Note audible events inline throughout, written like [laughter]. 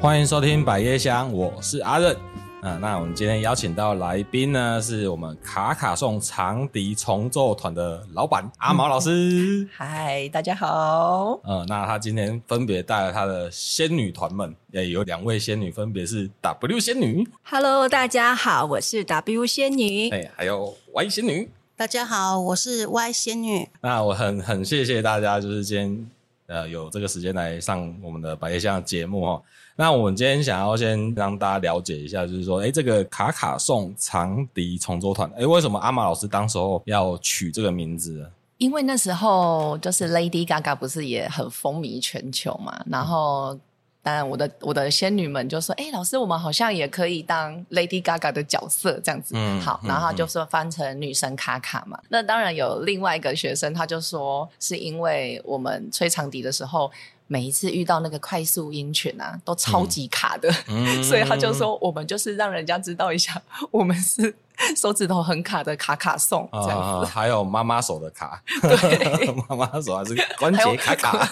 歡迎收聽百葉香，我是阿任。啊、呃，那我們今天邀請到來賓呢，是我們卡卡頌長笛重奏團的老板阿毛老師、嗯。嗨，大家好。呃，那他今天分別帶了他的仙女團們，誒，有兩位仙女，分別是 W 仙女。Hello，大家好，我是 W 仙女。哎，還有 Y 仙女。大家好，我是 Y 仙女。那我很很謝謝大家，就是今天呃有這個時間來上我們的百葉香節目、哦那我們今天想要先讓大家了解一下，就是說，哎，這個卡卡頌長笛重奏團，哎，為什麼阿瑪老師當時候要取這個名字？因為那時候就是 Lady Gaga 不是也很風靡全球嘛？然後，當然我的我的仙女們就說，哎，老師，我們好像也可以當 Lady Gaga 的角色這樣子。嗯，好，然後就說翻成女神卡卡嘛。嗯嗯、那當然有另外一個學生，他就說是因為我們吹長笛的時候。每一次遇到那個快速音群啊，都超級卡的，嗯、 [laughs] 所以他就說，嗯、我們就是讓人家知道一下，我們是。手指頭很卡的卡卡頌啊、呃，還有媽媽手的卡對，媽媽手還是關節卡卡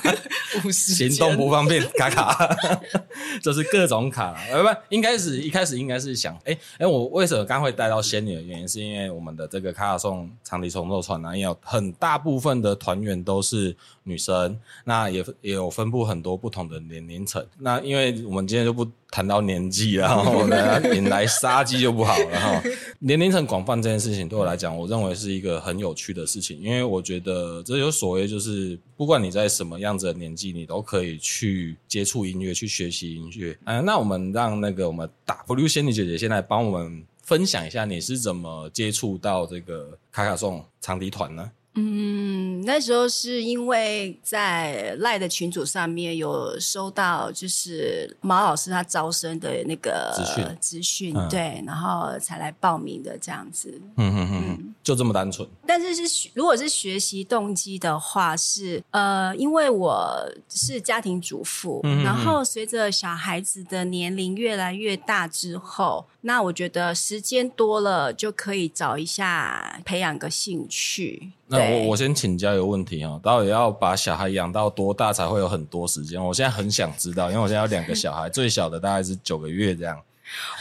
有，行動不方便卡卡，就是各種卡。不，應該是一開始應該是想，哎、欸、誒、欸、我為什麼剛會帶到仙女的原因，是因為我們的這個卡卡頌長笛重奏團然、啊、也有很大部分的團員都是女生，那也也有分布很多不同的年齡層。那因為我們今天就不。談到年紀，然後呢引來殺機就不好了哈。 [laughs] 年齡層廣泛這件事情，對我來講，我認為是一個很有趣的事情，因為我覺得這有所謂，就是不管你在什麼樣子的年紀，你都可以去接觸音樂，去學習音樂。嗯，嗯，那我們讓那個我們 W 仙女姐姐先來幫我們分享一下，你是怎麼接觸到這個卡卡頌長笛團呢、啊？嗯，那時候是因為在賴的群組上面有收到，就是毛老師他招生的那個資訊，資訊、嗯、對，然後才來報名的這樣子。嗯嗯嗯，就這麼單純。但是是如果是學習動機的話是，是呃，因為我是家庭主婦，嗯、哼哼然後隨着小孩子的年齡越來越大之後，那我覺得時間多了就可以找一下培養個興趣。那我對我先請教一個問題哈、哦，到底要把小孩養到多大才會有很多時間？我現在很想知道，因為我現在有兩個小孩， [laughs] 最小的大概是九個月這樣。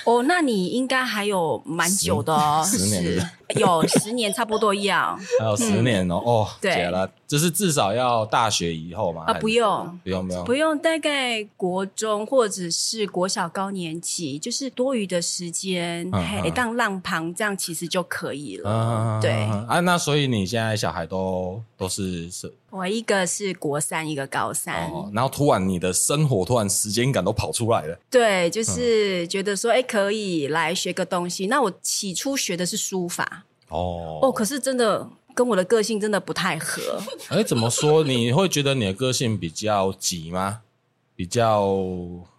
哦，那你應該還有蠻久的、哦十，十年是不是 [laughs] 有十年差不多一樣， [laughs] 還有十年哦，嗯、哦，對，了。就是至少要大學以後嘛？啊，不用，不用，不用，不用。大概國中或者是國小高年級，就是多餘的時間，嘿，當浪旁這樣其實就可以了。對啊，那所以你現在小孩都都是是，我一個是國三，一個高三。然後突然你的生活突然時間感都跑出來了。對，就是覺得說，哎，可以來學個東西。那我起初學的是書法。哦哦，可是真的。跟我的個性真的不太合。哎， [laughs] 怎麼說？你會覺得你的個性比較急嗎？比較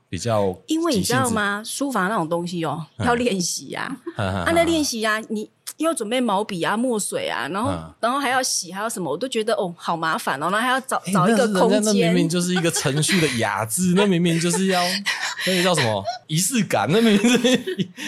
比較，因為你知道嗎？書法那種東西哦，要練習啊，啊，那練習呀，啊， [laughs] 你。又要準備毛筆啊、墨水啊，然後、嗯、然後還要洗、啊，還要什麼？我都覺得哦，好麻煩哦。然後還要找誒找一個空間，那，那明明就是一個程序的雅致， [laughs] 那明明就是要那個叫什麼儀式感，那明明就是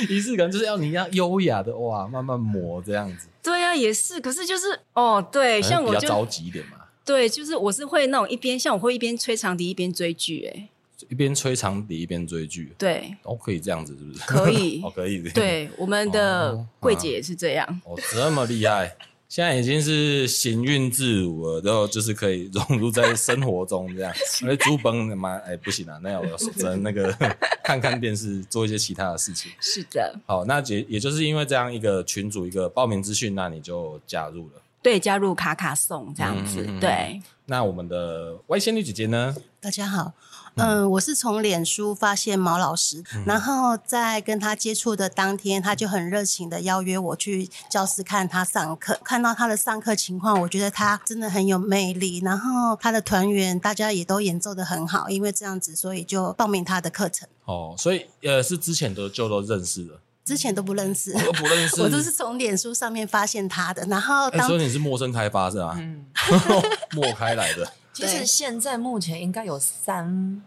儀式感就是要你要優雅的哇，慢慢磨這樣子。對啊，也是，可是就是哦，對，像我比較着急一點嘛，對，就是我是會那種一邊像我會一邊吹長笛一邊追劇、欸，哎。一邊吹長笛一邊追劇，對，都可以這樣子，是不是？可以， [laughs] 哦，可以。對，我們的桂姐也是這樣。哦，啊、哦，這麼厲害，現在已經是行運自如了，然後就是可以融入在生活中這樣，因為豬崩他哎，不行啦，那我要說真那個， [laughs] 看看電視，做一些其他的事情。是的，好，那也也就是因為這樣一個群組一個報名資訊，那你就加入了。對，加入卡卡頌這樣子。嗯、對。那我們的外仙女姐姐呢？大家好。嗯，我是從臉書發現毛老師，嗯、然後在跟他接觸的當天，他就很熱情的邀約我去教室看他上課，看到他的上課情況，我覺得他真的很有魅力，然後他的團員大家也都演奏的很好，因為這樣子，所以就報名他的課程。哦，所以呃是之前的就都認識了，之前都不認識，我都不認識， [laughs] 我都是從臉書上面發現他的，然後當、欸、所以你是陌生開發是吧？是啊、嗯，陌 [laughs] 開來的。其實現在目前應該有三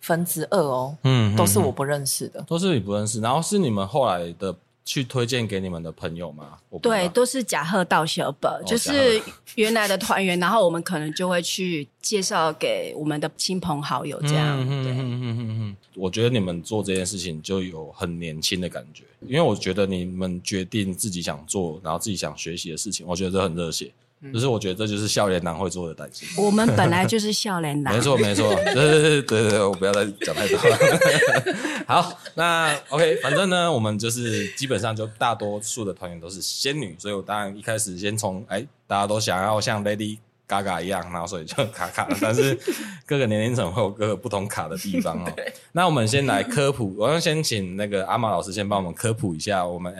分之二哦，嗯哼，都是我不認識的，嗯，都是你不認識。然後是你們後來的去推薦給你們的朋友嗎？對，都是假賀到小本，哦，就是原來的團員。然後我們可能就會去介紹給我們的親朋好友，這樣。嗯哼對嗯嗯嗯，我覺得你們做這件事情就有很年輕的感覺，因為我覺得你們決定自己想做，然後自己想學習的事情，我覺得這很熱血。就是我覺得這就是笑臉男會做的代志。我們本來就是笑臉男呵呵，沒錯，沒錯沒錯，對對 [laughs] 對對對，我不要再講太多了。 [laughs] 好，那 OK，反正呢，我們就是基本上就大多數的團員都是仙女，所以我當然一開始先從誒大家都想要像 Lady。嘎嘎一樣，然後所以就卡卡，但是各個年齡層會有各個不同卡的地方哦、喔。 [laughs] 對 那我們先來科普，我要先請那個阿瑪老師先幫我們科普一下。我們誒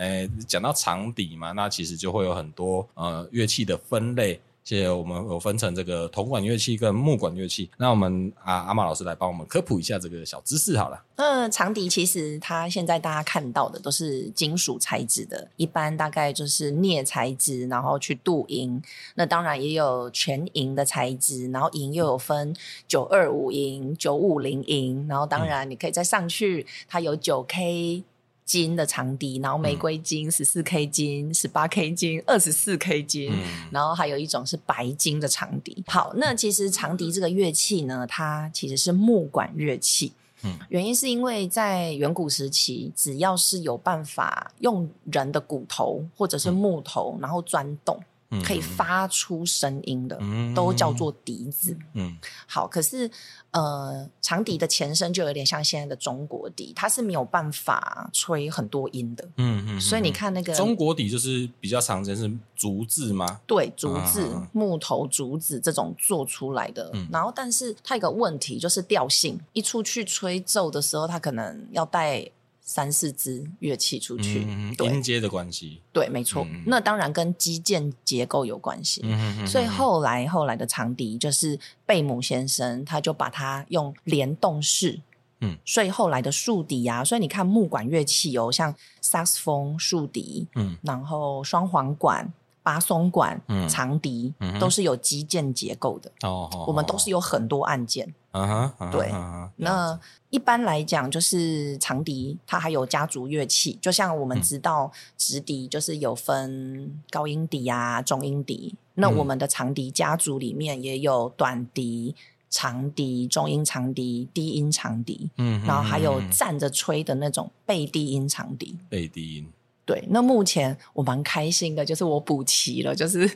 講、欸、到長笛嘛，那其實就會有很多呃樂器的分類。謝謝，我們有分成這個銅管樂器跟木管樂器，那我們啊阿馬老師來幫我們科普一下這個小知識好了。那、呃、長笛其實它現在大家看到的都是金屬材質的，一般大概就是鎳材質，然後去鍍銀。那當然也有全銀的材質，然後銀又有分九二五銀、九五零銀，然後當然你可以再上去，它有九 K。金的長笛，然後玫瑰金、十四 K 金、十八 K 金、二十四 K 金，嗯、然後還有一種是白金的長笛。好，那其實長笛這個樂器呢，它其實是木管樂器。嗯，原因是因為在遠古時期，只要是有辦法用人的骨頭或者是木頭，嗯、然後鑽洞。可以發出聲音的，嗯、都叫做笛子。嗯，嗯好，可是呃，長笛的前身就有點像現在的中國笛，它是沒有辦法吹很多音的。嗯嗯，嗯所以你看那個中國笛就是比較常見，是竹子嗎？對，竹子、啊、木頭、竹子這種做出來的。嗯、然後，但是它有一個問題就是調性，一出去吹奏的時候，它可能要帶。三四支樂器出去，連接、嗯、對的關係，對，沒錯。嗯、那當然跟基建結構有關係，所以後來後來的長笛就是貝姆先生，他就把它用聯動式，嗯、所以後來的豎笛啊，所以你看木管樂器哦，像薩克斯風、豎笛，嗯、然後雙簧管。拉松管、長笛、嗯嗯、都是有基建結構的。哦，oh, oh, oh, oh. 我們都是有很多按鍵。Uh huh, uh-huh, 對。那一般來講，就是長笛它還有家族樂器，就像我們知道直笛，就是有分高音笛啊、中音笛。那我們的長笛家族裡面也有短笛、長笛、中音長笛、低音長笛。嗯哼，然後還有站着吹的那種背低音長笛。背低音。對，那目前我蠻開心的，就是我補齊了，就是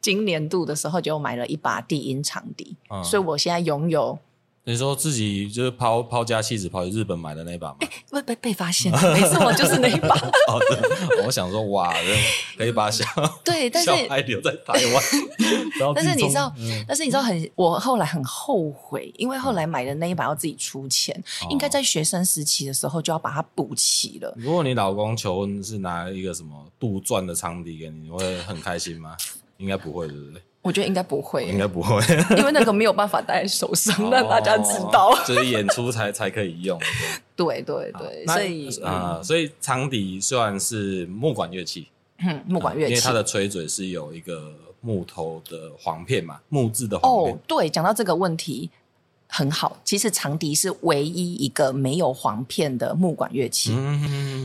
今年度的時候就買了一把低音長笛，嗯、所以我現在擁有。你說自己就是拋拋家棄子跑去日本買的那一把嘛？會、欸、被被發現了？沒錯，就是那一把。好的、 [laughs] 哦，我想說，哇，這一把小、嗯、對，但是還留在台灣。 [laughs] 中但是你知道，嗯、但是你知道很，很我後來很後悔，因為後來買的那一把要自己出錢，嗯、應該在學生時期的時候就要把它補齊了。哦、如果你老公求婚是拿一個什麼杜撰的長笛給你，你會很開心嗎？ [laughs] 應該不會，對不對？我覺得應該不會，應該不會，因為那個沒有辦法戴在手上讓大家知道，所以演出才才可以用。對對對，所以啊，所以長笛算是木管樂器，木管樂器，因為它的吹嘴是有一個木頭的簧片嘛，木質的簧片。哦，對，講到這個問題很好，其實長笛是唯一一個沒有簧片的木管樂器，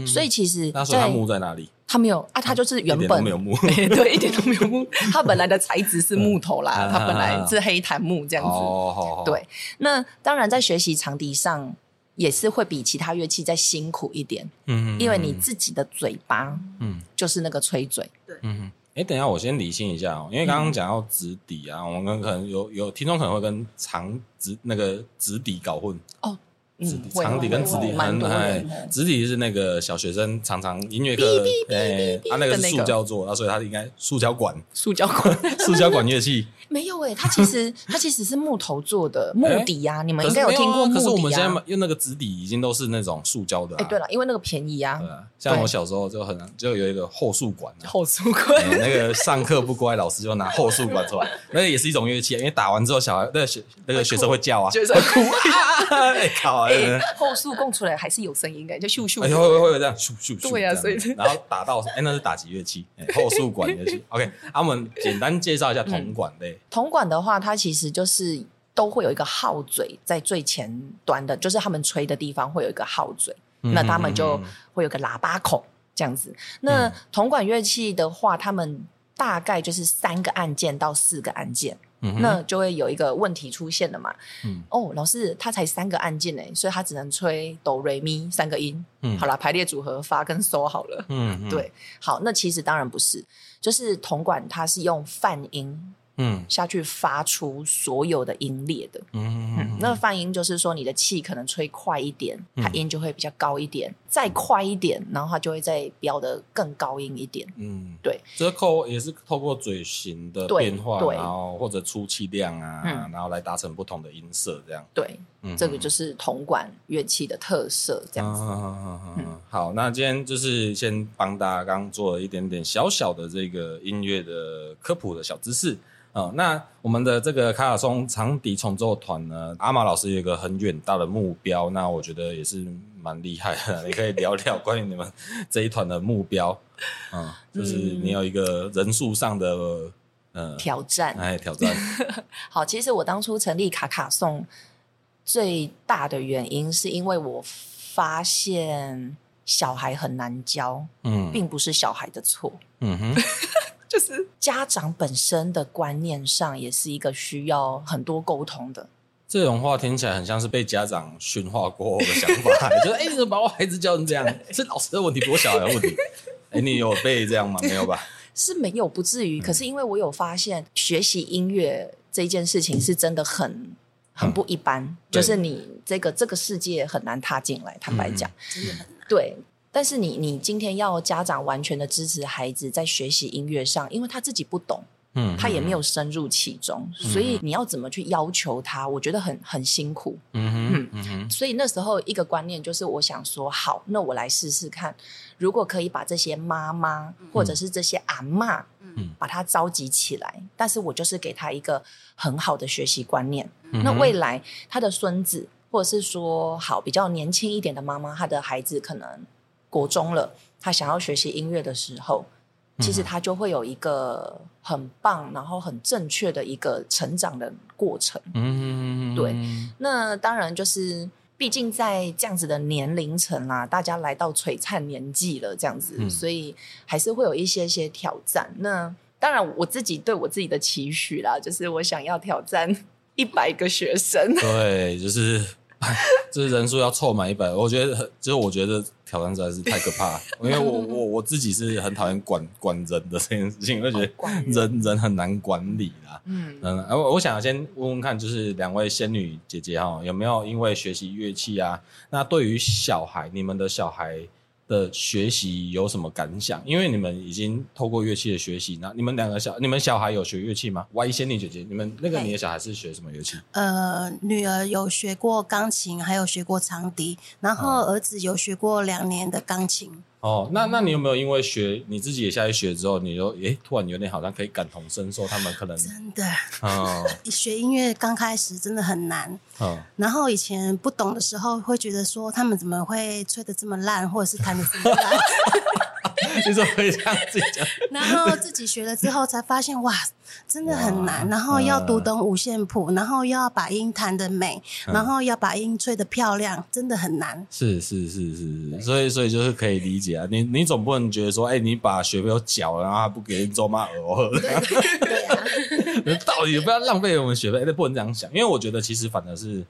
所以其實那所以它木在哪裡？他沒有啊，他就是原本沒有木 [laughs] 對，對，一點都沒有木。他本來的材質是木頭啦，他本來是黑檀木這樣子。哦，好好，對，那當然在學習長笛上也是會比其他樂器再辛苦一點，嗯嗯，因為你自己的嘴巴，嗯，就是那個吹嘴，嗯、對，嗯嗯。哎，等一下，我先理性一下哦、喔，因為剛剛講到直笛啊，嗯、我們可能有有聽眾可能會跟長直那個直笛搞混哦。嗯、長笛跟直笛很、哦、哎，哦、直笛是那個小學生常常音樂課哎，他、啊、那個是塑膠做、那個啊，所以他應該塑膠管，塑膠管， [laughs] 塑膠管樂器。 [laughs] 沒有誒，它其實它其實是木頭做的木笛呀，你們應該有聽過。可是我們現在用那個直笛已經都是那種塑膠的。誒對了，因為那個便宜啊。對啊。像我小時候就很就有一個後塑管，後塑管，那個上課不乖，老師就拿後塑管出來，那也是一種樂器，因為打完之後小孩那個那個學生會叫啊，學生哭啊，哎，靠，後塑供出來還是有聲音的，就咻咻，會會會這樣咻咻，對啊，所以然後打到誒那是打擊樂器，後塑管樂器。OK，啊我們簡單介紹一下銅管類。銅管的話，它其實就是都會有一個號嘴在最前端的，就是他們吹的地方會有一個號嘴，嗯、哼那他們就會有個喇叭孔這樣子。那銅、嗯、管樂器的話，他們大概就是三個按鍵到四個按鍵，嗯、哼那就會有一個問題出現了嘛？嗯、哦，老師，他才三個按鍵呢，所以他只能吹哆、瑞咪三個音。嗯、好了，排列組合發跟嗦好了。嗯哼，對，好，那其實當然不是，就是銅管它是用泛音。嗯，下去發出所有的音列的，嗯嗯，那泛音就是說你的氣可能吹快一點，它音就會比較高一點，再快一點，然後它就會再飆的更高音一點，嗯，對，這靠也是透過嘴型的變化，然後或者出氣量啊，然後來達成不同的音色，這樣，對，這個就是銅管樂器的特色，這樣子。好，那今天就是先幫大家剛剛做了一點點小小的這個音樂的科普的小知識。嗯、哦，那我們的這個卡卡頌長笛重奏團呢，阿瑪老師有一個很遠大的目標，那我覺得也是蠻厲害的。你 [laughs] 可以聊聊關於你們這一團的目標、嗯、就是你有一個人數上的、呃、挑戰，哎，挑戰。 [laughs] 好，其實我當初成立卡卡頌最大的原因，是因為我發現小孩很難教，嗯，並不是小孩的錯，嗯哼。 [laughs] 就是家長本身的觀念上，也是一個需要很多溝通的。這種話聽起來很像是被家長馴化過的想法，覺得哎，你怎麼把我孩子教成這樣？是老師的問題，多小孩的問題。哎，你有被這樣嗎？沒有吧？是沒有，不至於。可是因為我有發現，學習音樂這件事情是真的很很不一般，就是你這個這個世界很難踏進來。坦白講，真的很難。對。但是你你今天要家長完全的支持孩子在學習音樂上，因為他自己不懂，他也沒有深入其中，嗯嗯、所以你要怎麼去要求他？我覺得很很辛苦，嗯嗯，嗯所以那時候一個觀念就是，我想說，好，那我來試試看，如果可以把這些媽媽或者是這些阿嬤，嗯、把他召集起來，但是我就是給他一個很好的學習觀念。那未來他的孫子，或者是說好比較年輕一點的媽媽，他的孩子可能。國中了，他想要學習音樂的時候，其實他就會有一個很棒，然後很正確的一個成長的過程。嗯，對。那當然就是，畢竟在這樣子的年齡層啦，大家來到璀璨年紀了，這樣子，嗯、所以還是會有一些些挑戰。那當然，我自己對我自己的期許啦，就是我想要挑戰一百個學生。對，就是。 [laughs] 就是人數要湊滿一百，我覺得就我覺得挑戰實在是太可怕了。 [laughs] 因為我 [laughs] 我我自己是很討厭管管人的這件事情，我覺得人人很難管理啦。嗯，然後，嗯、我我想先問問看，就是兩位仙女姐姐哈，有沒有因為學習樂器啊？那對於小孩，你們的小孩？的學習有什麼感想？因為你們已經透過樂器的學習，那你們兩個小、你們小孩有學樂器嗎？Y 仙女姐姐，你們那個你的小孩是學什麼樂器？呃，女兒有學過鋼琴，還有學過長笛，然後兒子有學過兩年的鋼琴。哦哦，那那你有沒有因為學你自己也下去學之後，你就誒、欸、突然有點好像可以感同身受，他們可能真的啊，哦、學音樂剛開始真的很難啊。哦、然後以前不懂的時候，會覺得說他們怎麼會吹得這麼爛，或者是彈得這麼爛。 [laughs] [laughs] [laughs] 你怎麼可以這樣子講？然後自己學了之後才發現，哇，真的很難。哇然後要讀懂五線譜，嗯、然後要把音彈得美，嗯、然後要把音吹得漂亮，真的很難。是是是是對所以所以就是可以理解啊。你你總不能覺得說，哎、欸，你把學費有繳了，然後不給人奏嗎？哦對， [laughs] 對啊，道理不要浪費我們學費、欸，不能這樣想。因為我覺得其實反而是。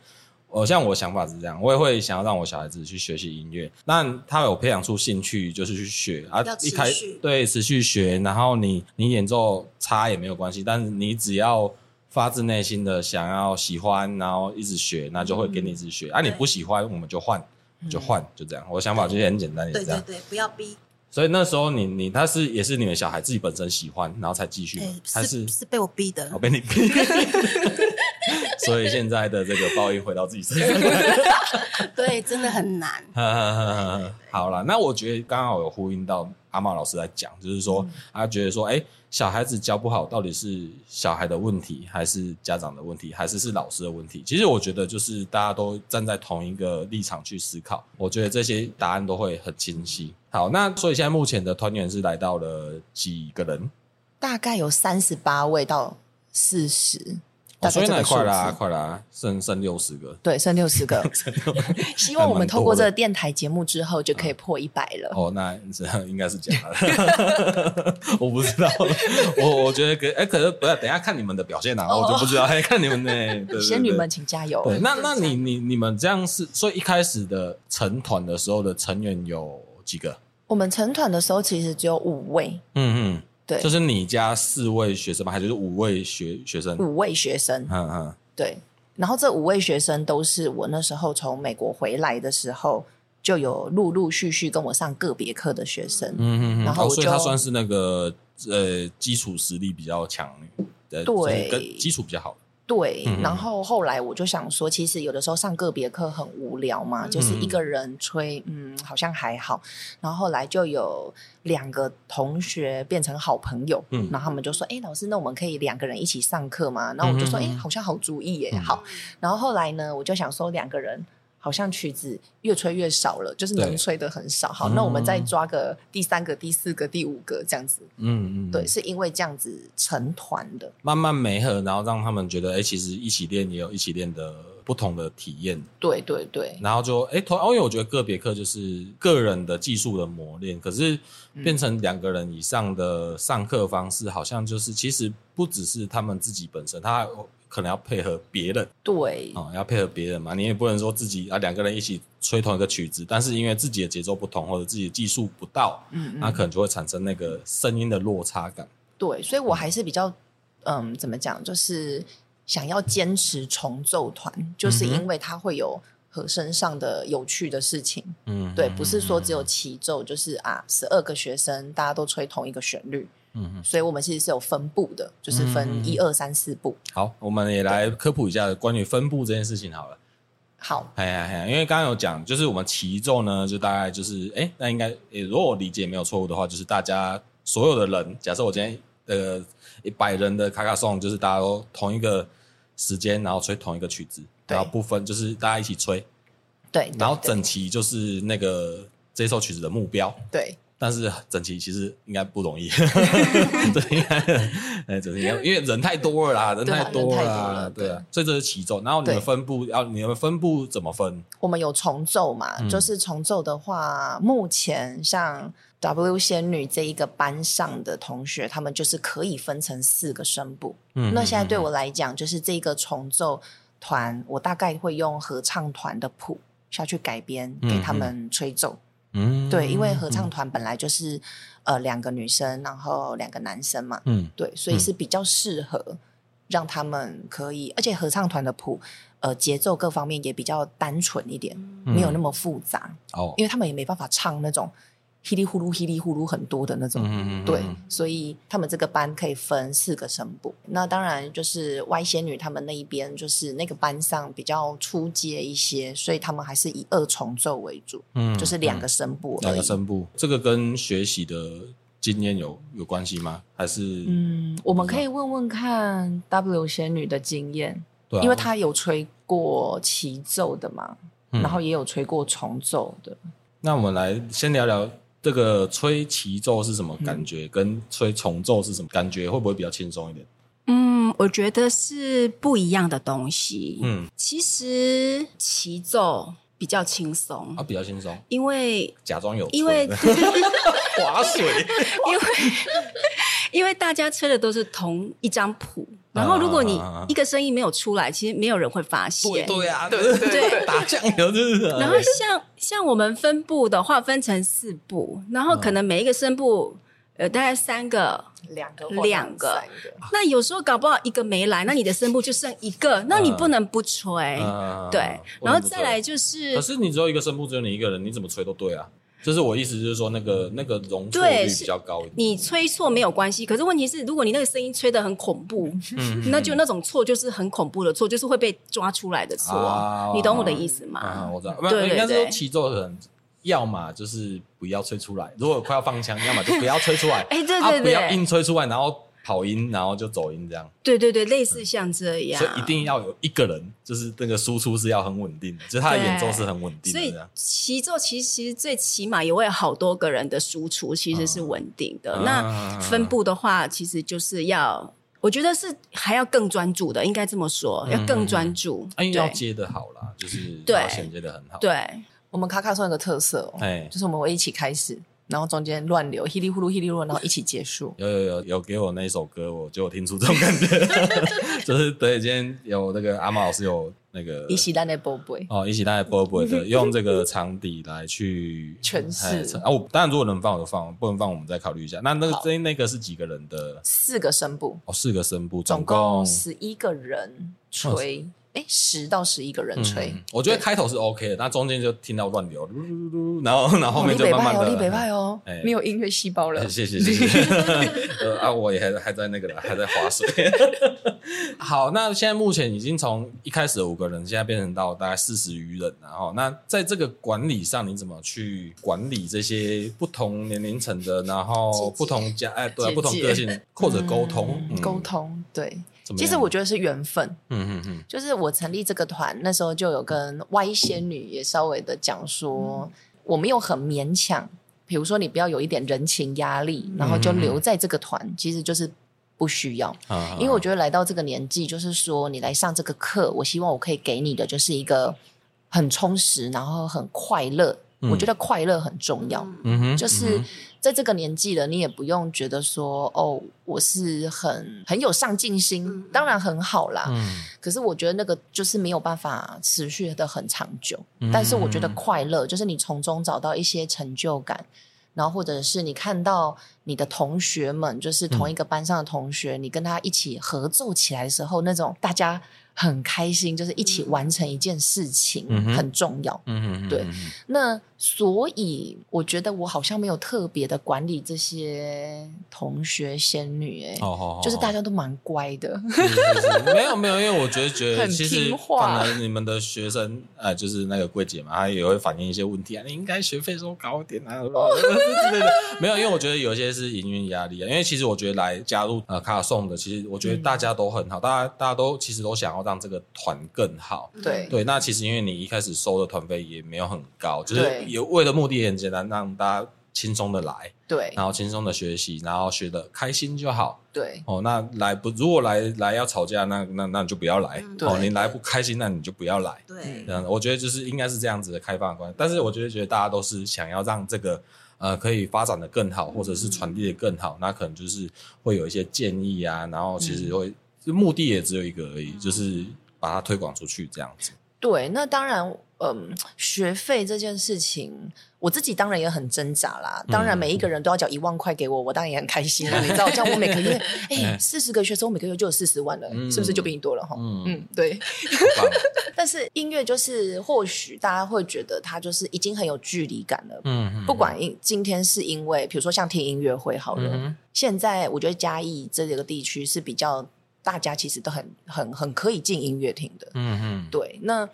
我像我想法是這樣，我也會想要讓我小孩子去學習音樂。那他有培養出興趣，就是去學啊，一開始對持續學。然後你你演奏差也沒有關係，但是你只要發自內心的想要喜歡，然後一直學，那就會給你一直學、嗯、啊。你不喜歡，對我們就換，就換，嗯、就這樣。我想法就是很簡單，的對，對對對，不要逼。所以那時候你你他是也是你們小孩自己本身喜歡，然後才繼續，他、欸、是是，是被我逼的？我被你逼。 [laughs] [laughs] 所以現在的這個報應回到自己身上， [laughs] [laughs] 對，真的很難。好了，那我覺得剛好有呼應到阿茂老師在講，就是說，嗯、他覺得說，哎、欸，小孩子教不好，到底是小孩的問題，還是家長的問題，還是是老師的問題？其實我覺得，就是大家都站在同一個立場去思考，我覺得這些答案都會很清晰。好，那所以現在目前的團員是來到了幾個人？大概有三十八位到四十。哦、所以呢、啊，快啦，快啦，剩剩六十個。對，剩六十個。 [laughs] 個，希望我們透過這個電台節目之後，就可以破一百了。哦，那這樣應該是假的， [laughs] [laughs] 我不知道。我我覺得可哎、欸，可是不要等一下看你們的表現啊，然後我就不知道，哎、哦欸，看你們呢、欸。對對對對仙女們，請加油！對那那你你你們這樣是，所以一開始的成團的時候的成員有幾個？我們成團的時候其實只有五位。嗯嗯。對，就是你家四位學生吧，還是，是五位學學生？五位學生，嗯嗯，嗯對。然後這五位學生都是我那時候從美國回來的時候就有陸陸續續跟我上個別課的學生，嗯嗯嗯。嗯嗯然後、哦、所以他算是那個呃基礎實力比較強，對，對基礎比較好。對，然後後來我就想說，其實有的時候上個別課很無聊嘛，就是一個人吹，嗯，好像還好。然後後來就有兩個同學變成好朋友，嗯，然後他們就說：“誒，老師，那我們可以兩個人一起上課嗎？”然後我就說：“誒，好像好主意耶，好。”然後後來呢，我就想說兩個人。好像曲子越吹越少了，就是能吹的很少。對好，那我們再抓個第三個、嗯嗯嗯第四個、第五個這樣子。嗯，嗯嗯，對，是因為這樣子成團的，慢慢磨合，然後讓他們覺得，哎，其實一起練也有一起練的不同的體驗。對對對。然後就哎，同樣，因為我覺得個別課就是個人的技術的磨練，可是變成兩個人以上的上課方式，嗯、好像就是其實不只是他們自己本身，他還。可能要配合別人，對、哦、要配合別人嘛，你也不能說自己啊兩個人一起吹同一個曲子，但是因為自己的節奏不同或者自己的技術不到，嗯，嗯，那、啊、可能就會產生那個聲音的落差感。對，所以我還是比較，嗯，嗯，怎麼講，就是想要堅持重奏團，就是因為它會有和聲上的有趣的事情。嗯，嗯，對，不是說只有齊奏，就是啊，十二個學生大家都吹同一個旋律。嗯哼，所以我們其實是有分部的，嗯、哼就是分一二三四部。2 2, 3, 步好，我們也來科普一下關於分部這件事情好了。對好，哎哎呀，因為剛剛有講，就是我們齊奏呢，就大概就是，哎、欸，那應該、欸，如果我理解沒有錯誤的話，就是大家所有的人，假設我今天呃一百人的卡卡頌，就是大家都同一個時間，然後吹同一個曲子，對然後不分，就是大家一起吹。對，然後整齊就是那個對對對這首曲子的目標。對。但是整齊其實應該不容易， [laughs] [laughs] 對、啊，哎，整齊，因為人太多了啦，人太多了，對，啊、多了對，對對所以這是齊奏。然後你們分部要對、啊、你們分部怎麼分？我們有重奏嘛，嗯、就是重奏的話，目前像 W 仙女這一個班上的同學，他們就是可以分成四個聲部。嗯哼哼，那現在對我來講，就是這個重奏團，我大概會用合唱團的譜下去改編，給他們吹奏。嗯嗯，對，因為合唱團本來就是呃兩個女生，然後兩個男生嘛，嗯，對，所以是比較適合讓他們可以，而且合唱團的譜，呃，節奏各方面也比較單純一點，嗯，沒有那麼複雜，哦，因為他們也沒辦法唱那種。稀里呼嚕，稀里呼嚕，很多的那種，嗯、對，嗯、所以他們這個班可以分四個聲部。那當然就是 Y 仙女他們那一邊，就是那個班上比較初階一些，所以他們還是以二重奏為主，嗯，就是兩個聲部而已、嗯嗯、兩個聲部，這個跟學習的經驗有有關係嗎？還是嗯，我們可以問問看 W 仙女的經驗，對、嗯，因為她有吹過齊奏的嘛，嗯、然後也有吹過重奏的。那我們來先聊聊。這個吹齊奏是什麼感覺？跟吹重奏是什麼感覺？會不會比較輕鬆一點？嗯，我覺得是不一樣的東西。嗯，其實齊奏比較輕鬆啊，比較輕鬆，因為假裝有，因為劃 [laughs] 水，因為哇因為大家吹的都是同一張譜。然後如果你一個聲音沒有出來，其實沒有人會發現。對啊，對對，打醬油對對。然後像像我們分部的話，分成四部。然後可能每一個聲部呃大概三個、兩個、兩個。那有時候搞不好一個沒來，那你的聲部就剩一個，那你不能不吹。對，然後再來就是，可是你只有一個聲部，只有你一個人，你怎麼吹都對啊。就是我意思，就是說那個那個容錯率比較高一點。你吹錯沒有關係，嗯嗯嗯嗯，可是問題是，如果你那個聲音吹得很恐怖， [laughs] 那就那種錯就是很恐怖的錯，就是會被抓出來的錯。你懂我的意思嗎？啊、我知道。對對、呃、應該是起奏的人，要麼就是不要吹出來。對對對對，如果快要放槍，要麼就不要吹出來。 [laughs] 哎，對對對、啊。不要硬吹出來，然後。跑音，然後就走音，這樣。對對對，類似像這樣、嗯。所以一定要有一個人，就是那個輸出是要很穩定的，就是他的演奏是很穩定的。所以齊奏其實最起碼也會有好多個人的輸出其實是穩定的。啊、那分布的話，啊、其實就是要，我覺得是還要更專注的，應該這麼說，要更專注。嗯嗯嗯啊、要接的好啦，對就是對銜接的很好。對，對我們卡卡算個特色哦，對、哎。就是我們會一起開始。然後中間亂流，稀里呼嚕，稀里嚕，然後一起結束。有有有有給我那一首歌，我就有聽出這種感覺， [laughs] [laughs] 就是對。今天有那、這個阿毛老師有那個一起在那波波哦，一起在波波的， [laughs] 用這個場地來去詮釋。啊是，我、哦、當然如果能放我就放，不能放我們再考慮一下。那那個最好那個是幾個人的？四個聲部哦，四個聲部，總共十一個人吹、哦。哎，十到十一個人吹、嗯，我覺得開頭是 OK 的，那對中間就聽到亂流，噗噗噗噗然後然後後面就慢慢的。立北派哦，哦哦哎、沒有音樂細胞了。謝謝、哎、謝謝。呃 [laughs] [laughs] 啊，我也還還在那個了，還在划水。 [laughs] 好，那現在目前已經從一開始五個人，現在變成到大概四十餘人，然後那在這個管理上，你怎麼去管理這些不同年齡層的，然後不同家姐姐哎，對啊、姐姐不同個性或者溝通、嗯嗯、溝通對。其實我覺得是緣分，嗯嗯嗯，就是我成立這個團那時候就有跟 Y 仙女也稍微的講說，嗯、我們又很勉強，比如說你不要有一點人情壓力，然後就留在這個團，其實就是不需要，嗯、哼哼因為我覺得來到這個年紀，就是說你來上這個課，我希望我可以給你的就是一個很充實，然後很快樂。我覺得快樂很重要，嗯、就是在這個年紀了，你也不用覺得說、嗯、哦，我是很很有上進心，嗯、當然很好啦。嗯，可是我覺得那個就是沒有辦法持續的很長久。嗯，但是我覺得快樂就是你從中找到一些成就感，然後或者是你看到你的同學們，就是同一個班上的同學，嗯、你跟他一起合作起來的時候，那種大家很開心，就是一起完成一件事情，嗯、很重要。嗯嗯嗯，對，嗯、那。所以我覺得我好像沒有特別的管理這些同學仙女哎、欸，oh, oh, oh, oh. 就是大家都蠻乖的，沒有沒有，因為我覺得覺得其實可能你們的學生、呃、就是那個櫃姐嘛，她也會反映一些問題啊，你應該學費收高點啊，對對，沒有，因為我覺得有一些是營運壓力啊，因為其實我覺得來加入呃卡送的，其實我覺得大家都很好，嗯、大家大家都其實都想要讓這個團更好，對對，那其實因為你一開始收的團費也沒有很高，就是。有，為了目的很簡單，讓大家輕鬆的來，對，然後輕鬆的學習，然後學得開心就好，對。哦，那來不，如果來來要吵架，那那那你就不要來，哦，你來不開心，那你就不要來，對。嗯，這樣子，我覺得就是應該是這樣子的開放觀，但是我覺得覺得大家都是想要讓這個呃可以發展得更好，或者是傳遞得更好，那可能就是會有一些建議啊，然後其實會目的也只有一個而已，就是把它推廣出去這樣子。對，那當然。嗯，學費這件事情，我自己當然也很掙扎啦。當然，每一個人都要交一萬塊給我，我當然也很開心了、啊，你知道？叫我每個月，哎、欸，四十個學生，我每個月就有四十萬了，嗯、是不是就比你多了哈？嗯，嗯，對。棒但是音樂就是，或許大家會覺得它就是已經很有距離感了。嗯嗯。不管今天是因為，比如說像聽音樂會好了。嗯、哼現在我覺得嘉義這幾個地區是比較大家其實都很很很可以進音樂廳的。嗯嗯哼。對，那。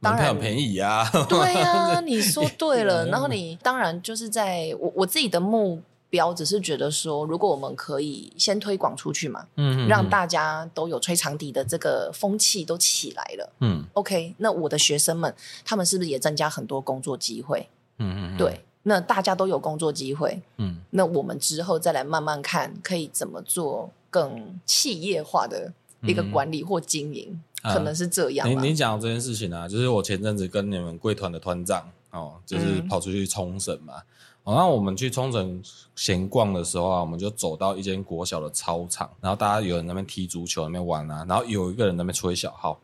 當然便宜呀、啊！ [laughs] 對呀、啊，你說對了。然後你當然就是在我我自己的目標，只是覺得說，如果我們可以先推廣出去嘛，嗯,嗯，讓大家都有吹長笛的這個風氣都起來了，嗯，OK。那我的學生們，他們是不是也增加很多工作機會？嗯嗯，對。那大家都有工作機會，嗯。那我們之後再來慢慢看，可以怎麼做更企業化的一個管理或經營。可能是這樣、嗯。你你講這件事情啊，就是我前陣子跟你們貴團的團長哦，就是跑出去沖繩嘛。然後、嗯哦、我們去沖繩閒逛的時候啊，我們就走到一間國小的操場，然後大家有人在那邊踢足球，那邊玩啊，然後有一個人在那邊吹小號，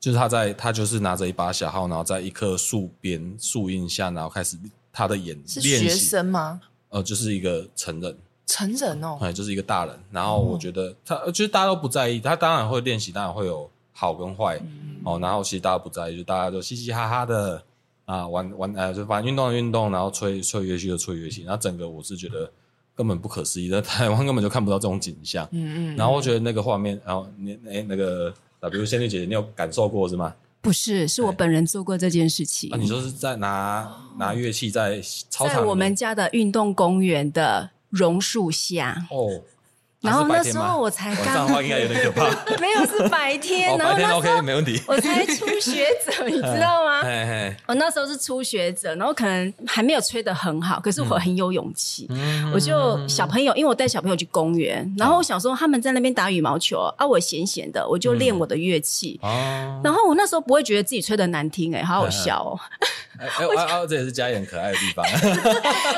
就是他在他就是拿着一把小號，然後在一棵樹邊樹蔭下，然後開始他的演練習，學生嗎？呃，就是一個成人，成人哦，對，就是一個大人。然後我覺得他、嗯、就是大家都不在意，他當然會練習，當然會有。好跟壞，嗯、哦，然後其實大家不在意，就大家都嘻嘻哈哈的啊，玩玩，呃，就反正運動的運動，然後吹吹樂器就吹樂器，然後整個我是覺得根本不可思議，在台灣根本就看不到這種景象。嗯嗯，然後我覺得那個畫面，然後你哎那個，啊，比如仙女姐姐，你有感受過是嗎？不是，是我本人做過這件事情。啊，你說是在拿、哦、拿樂器在操場，在我們家的運動公園的榕樹下哦。然後那時候我才剛，這樣的話應該有點可怕。 [laughs] [laughs] 沒有是白天，然後那時候我才初學者， [laughs] 哦、 [laughs] 你知道嗎？嘿嘿我那時候是初學者，然後可能還沒有吹得很好，可是我很有勇氣。嗯、我就小朋友，嗯、因為我帶小朋友去公園，然後我想說他們在那邊打羽毛球啊，我閒閒的，我就練我的樂器。哦、嗯，然後我那時候不會覺得自己吹得難聽，欸，哎，好好笑，哦。哎，阿阿這也是嘉義很可愛的地方。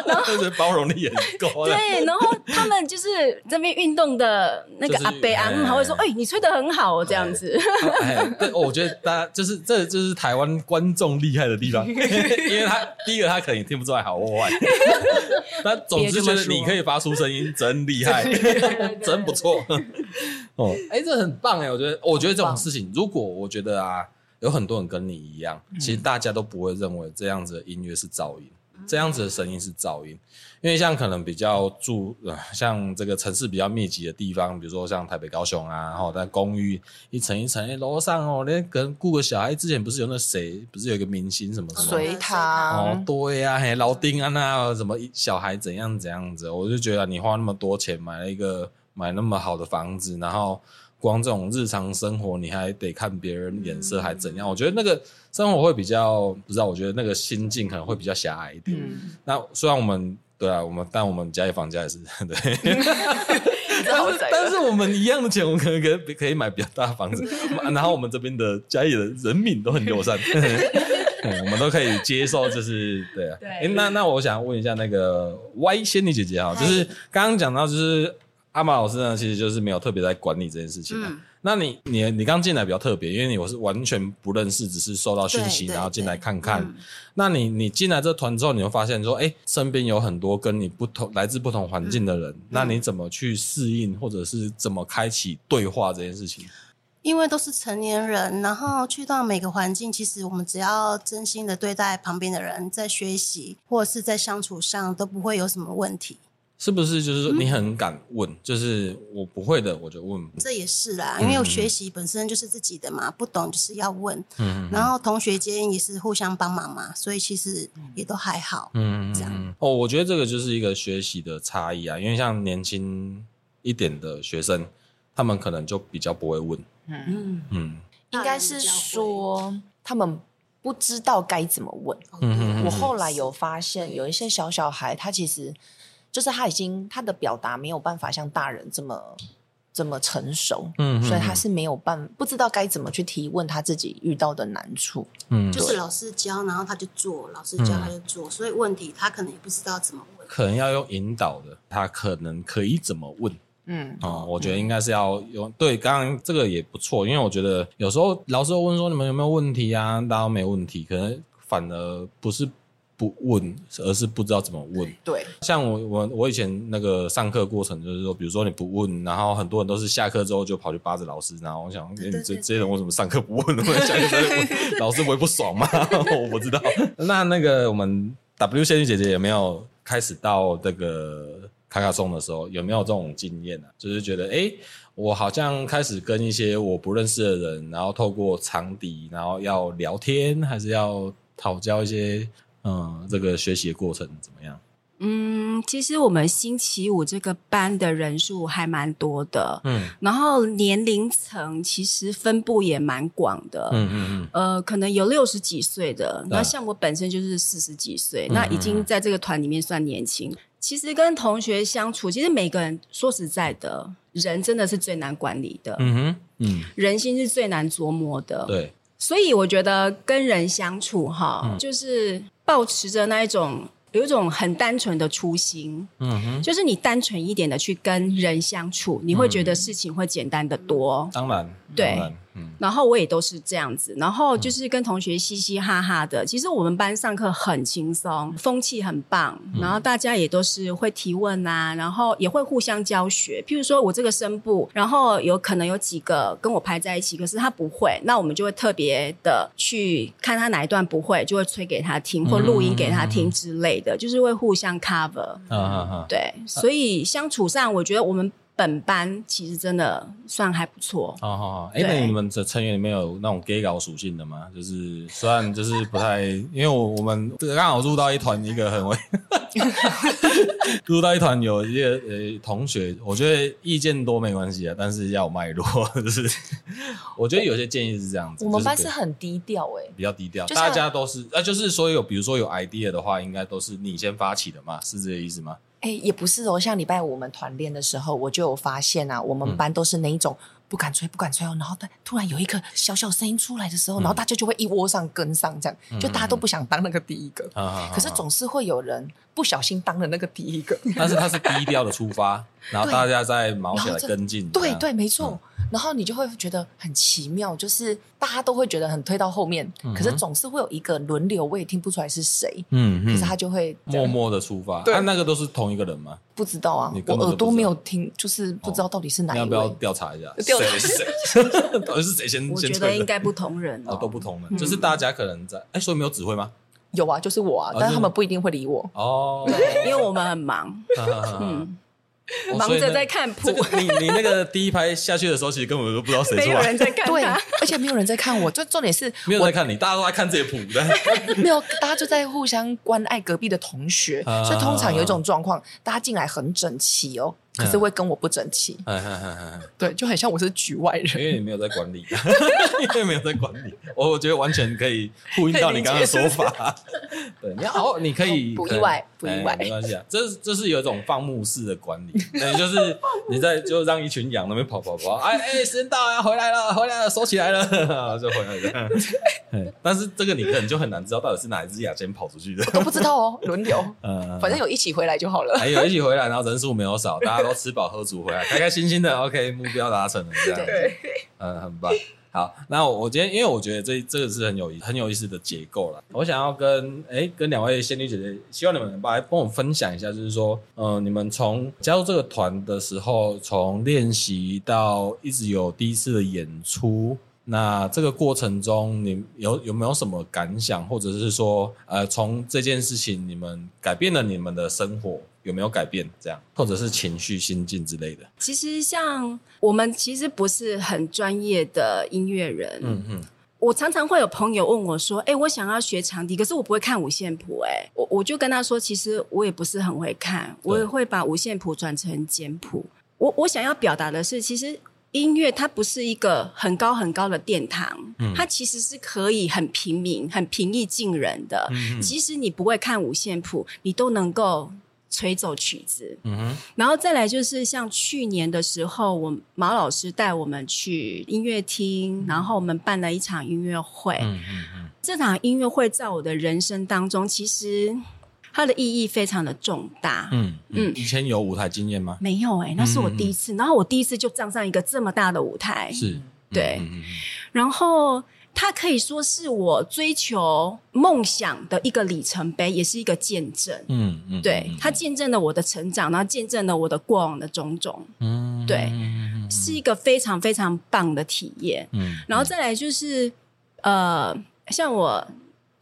然後包容力也夠。對，然後他們就是這邊運動的那個阿北阿姆，他會說：“哎，你吹得很好哦，這樣子。”哎，對我覺得，大家就是這就是台灣觀眾厲害的地方，因為他第一個他可能聽不出來好或壞，但總之覺得你可以發出聲音，真厲害，真不錯。哦，哎，這很棒哎，我覺得，我覺得這種事情，如果我覺得啊。有很多人跟你一樣，其實大家都不會認為這樣子的音樂是噪音，嗯、這樣子的聲音是噪音。嗯、因為像可能比較住、呃，像這個城市比較密集的地方，比如說像台北、高雄啊，然後、哦、在公寓一層一層，誒、樓上哦，連跟雇個小孩之前不是有那誰，不是有一個明星什麼什麼隋棠哦，對呀、啊，老丁啊，那什麼小孩怎樣怎樣子，我就覺得你花那麼多錢買了一個買那麼好的房子，然後。光這種日常生活，你還得看別人臉色，還怎樣？我覺得那個生活會比較，不知道。我覺得那個心境可能會比較狹隘一點。嗯、那雖然我們對啊，我們但我們家裡房價也是對，但是但是我們一樣的錢，我們可能可可以買比較大的房子。然後我們這邊的家裡的人品都很友善，嗯、 [laughs] 我們都可以接受。就是對啊，對 欸、那那我想問一下那個歪仙女姐姐啊，就是剛剛講到就是。阿瑪老師呢，其實就是沒有特別在管理這件事情、啊。嗯、那你、你、你剛進來比較特別，因為你我是完全不認識，只是收到訊息，然後進來看看。嗯、那你、你進來這團之後，你就發現說，哎、欸，身邊有很多跟你不同、來自不同環境的人，嗯、那你怎麼去適應，或者是怎麼開啟對話這件事情？因為都是成年人，然後去到每個環境，其實我們只要真心的對待旁邊的人，在學習或者是在相處上都不會有什麼問題。是不是就是說你很敢問？嗯、就是我不會的，我就問。這也是啦，因為學習本身就是自己的嘛，嗯嗯，不懂就是要問。嗯，嗯，嗯，然後同學間也是互相幫忙嘛，所以其實也都還好。嗯，這樣哦。我覺得這個就是一個學習的差異啊，因為像年輕一點的學生，他們可能就比較不會問。嗯嗯，嗯，應該是說他們不知道該怎麼問。嗯、哦。我後來有發現，有一些小小孩，他其實。就是他已經他的表達沒有辦法像大人這麼這麼成熟，嗯，所以他是沒有辦、嗯、不知道該怎麼去提問他自己遇到的難處，嗯，對就是老師教，然後他就做，老師教他就做，嗯、所以問題他可能也不知道怎麼問，可能要用引導的，他可能可以怎麼問，嗯，哦、嗯，我覺得應該是要用。對，剛剛這個也不錯，因為我覺得有時候老師會問說，你們有沒有問題啊？大家沒問題，可能反而不是。不問，而是不知道怎麼問。對，像我我我以前那個上課過程，就是說，比如說你不問，然後很多人都是下課之後就跑去扒着老師，然後我想，這這些人為什麼上課不問呢？我問 [laughs] 老師不會不爽嗎？ [laughs] 我不知道。 [laughs] 那那個我們 W 仙女姐，姐姐有沒有開始到這個卡卡頌的時候，有沒有這種經驗呢、啊？就是覺得，哎，我好像開始跟一些我不認識的人，然後透過長笛，然後要聊天，還是要討教一些？嗯，這個學習的過程怎麼樣？嗯，其實我們星期五這個班的人數還蠻多的，嗯，然後年齡層其實分布也蠻廣的，嗯嗯嗯，呃，可能有六十幾歲的，對那像我本身就是四十幾歲，嗯嗯，那已經在這個團裡面算年輕。嗯嗯，其實跟同學相處，其實每個人說實在的，人真的是最難管理的，嗯哼，嗯，人心是最難琢磨的，對，所以我覺得跟人相處哈，嗯、就是。保持着那一種有一種很單純的初心，嗯哼，就是你單純一點的去跟人相處，你會覺得事情會簡單的多。嗯、當然，當然，對。嗯、然後我也都是這樣子，然後就是跟同學嘻嘻哈哈的。嗯、其實我們班上課很輕鬆，風氣很棒，嗯、然後大家也都是會提問啊，然後也會互相教學。譬如說，我這個聲部，然後有可能有幾個跟我排在一起，可是他不會，那我們就會特別的去看他哪一段不會，就會吹給他聽或錄音給他聽之類的，嗯、就是會互相 cover、嗯。啊對，啊所以相處上，我覺得我們。本班其實真的算還不錯。好好好，哎、欸，你們的成員裡面有那種 gay 搞屬性的嗎？就是雖然就是不太， [laughs] 因為我我們剛好入到一團，一個很微。 [laughs] 入到一團有一些呃、欸、同學，我覺得意見多沒關係啊，但是要有脈絡。就是、欸、 [laughs] 我覺得有些建議是這樣子，欸、我們班是很低調哎、欸，比較低調，像大家都是啊、呃，就是說有比如說有 idea 的話，應該都是你先發起的嘛，是這個意思嗎？哎，也不是哦，像禮拜五我們團練的時候，我就有發現啊，我們班都是那一種不敢吹、嗯、不敢吹不敢吹哦，然後突然有一個小小聲音出來的時候，嗯、然後大家就會一窩上跟上，這樣、嗯、就大家都不想當那個第一個，嗯嗯嗯、可是總是會有人不小心當了那個第一個，但是他是低調的出發，然後大家在忙起來跟進，對對沒錯，然後你就會覺得很奇妙，就是大家都會覺得很推到後面，可是總是會有一個輪流，我也聽不出來是誰，嗯，可是他就會默默的出發，但那個都是同一個人嗎？不知道啊，我耳朵沒有聽，就是不知道到底是哪個。要不要調查一下？誰是誰？到底是誰先？我覺得應該不同人哦，都不同人，就是大家可能在哎，所以沒有指揮嗎？有啊，就是我，啊，但他們不一定會理我哦，因為我們很忙，嗯，忙着在看譜。你你那個第一排下去的時候，其實根本都不知道誰在看。對，而且沒有人在看我，就重點是沒有人在看你，大家都在看這些譜的。沒有，大家就在互相關愛隔壁的同學，所以通常有一種狀況，大家進來很整齊哦。可是會跟我不爭氣，對，就很像我是局外人，因為你沒有在管理，因為沒有在管理，我我覺得完全可以呼應到你剛剛的說法。對，你要你可以不意外，不意外，沒關係啊。這這是有一種放牧式的管理，就是你在就讓一群羊那邊跑跑跑，哎哎，時間到要回來了，回來了，收起來了，就回來了。但是這個你可能就很難知道到底是哪一只羊先跑出去的，我都不知道哦，輪流，嗯，反正有一起回來就好了，有一起回來，然後人數沒有少，大家。都吃飽喝足回來，開開心心的。OK，目標達成了這樣子，對嗯，很棒。好，那我今天因為我覺得這這個是很有意很有意思的結構了。我想要跟哎跟兩位仙女姐姐，希望你們能幫來幫我分享一下，就是說，嗯、呃，你們從加入這個團的時候，從練習到一直有第一次的演出，那這個過程中，你有有沒有什麼感想，或者是說，呃，從這件事情，你們改變了你們的生活？有沒有改變這樣，或者是情緒心境之類的？其實像我們其實不是很專業的音樂人，嗯嗯哼。我常常會有朋友問我說：“哎、欸，我想要學長笛，可是我不會看五線譜。”哎，我我就跟他說：“其實我也不是很會看，我也會把五線譜轉成簡譜。對”我我想要表達的是，其實音樂它不是一個很高很高的殿堂，嗯，它其實是可以很平民、很平易近人的。即使、嗯、哼你不會看五線譜，你都能夠。吹奏曲子，嗯、哼然後再來就是像去年的時候，我毛老師帶我們去音樂廳，嗯、然後我們辦了一場音樂會，嗯嗯嗯、這場音樂會在我的人生當中，其實它的意義非常的重大，嗯嗯，嗯嗯以前有舞台經驗嗎？沒有哎、欸，那是我第一次，嗯嗯、然後我第一次就站上一個這麼大的舞台，是對，嗯嗯嗯、然後。它可以說是我追求夢想的一個里程碑，也是一個見證。嗯嗯，嗯對，它見證了我的成長，然後見證了我的過往的種種。嗯，對，是一個非常非常棒的體驗。嗯，嗯然後再來就是，呃，像我。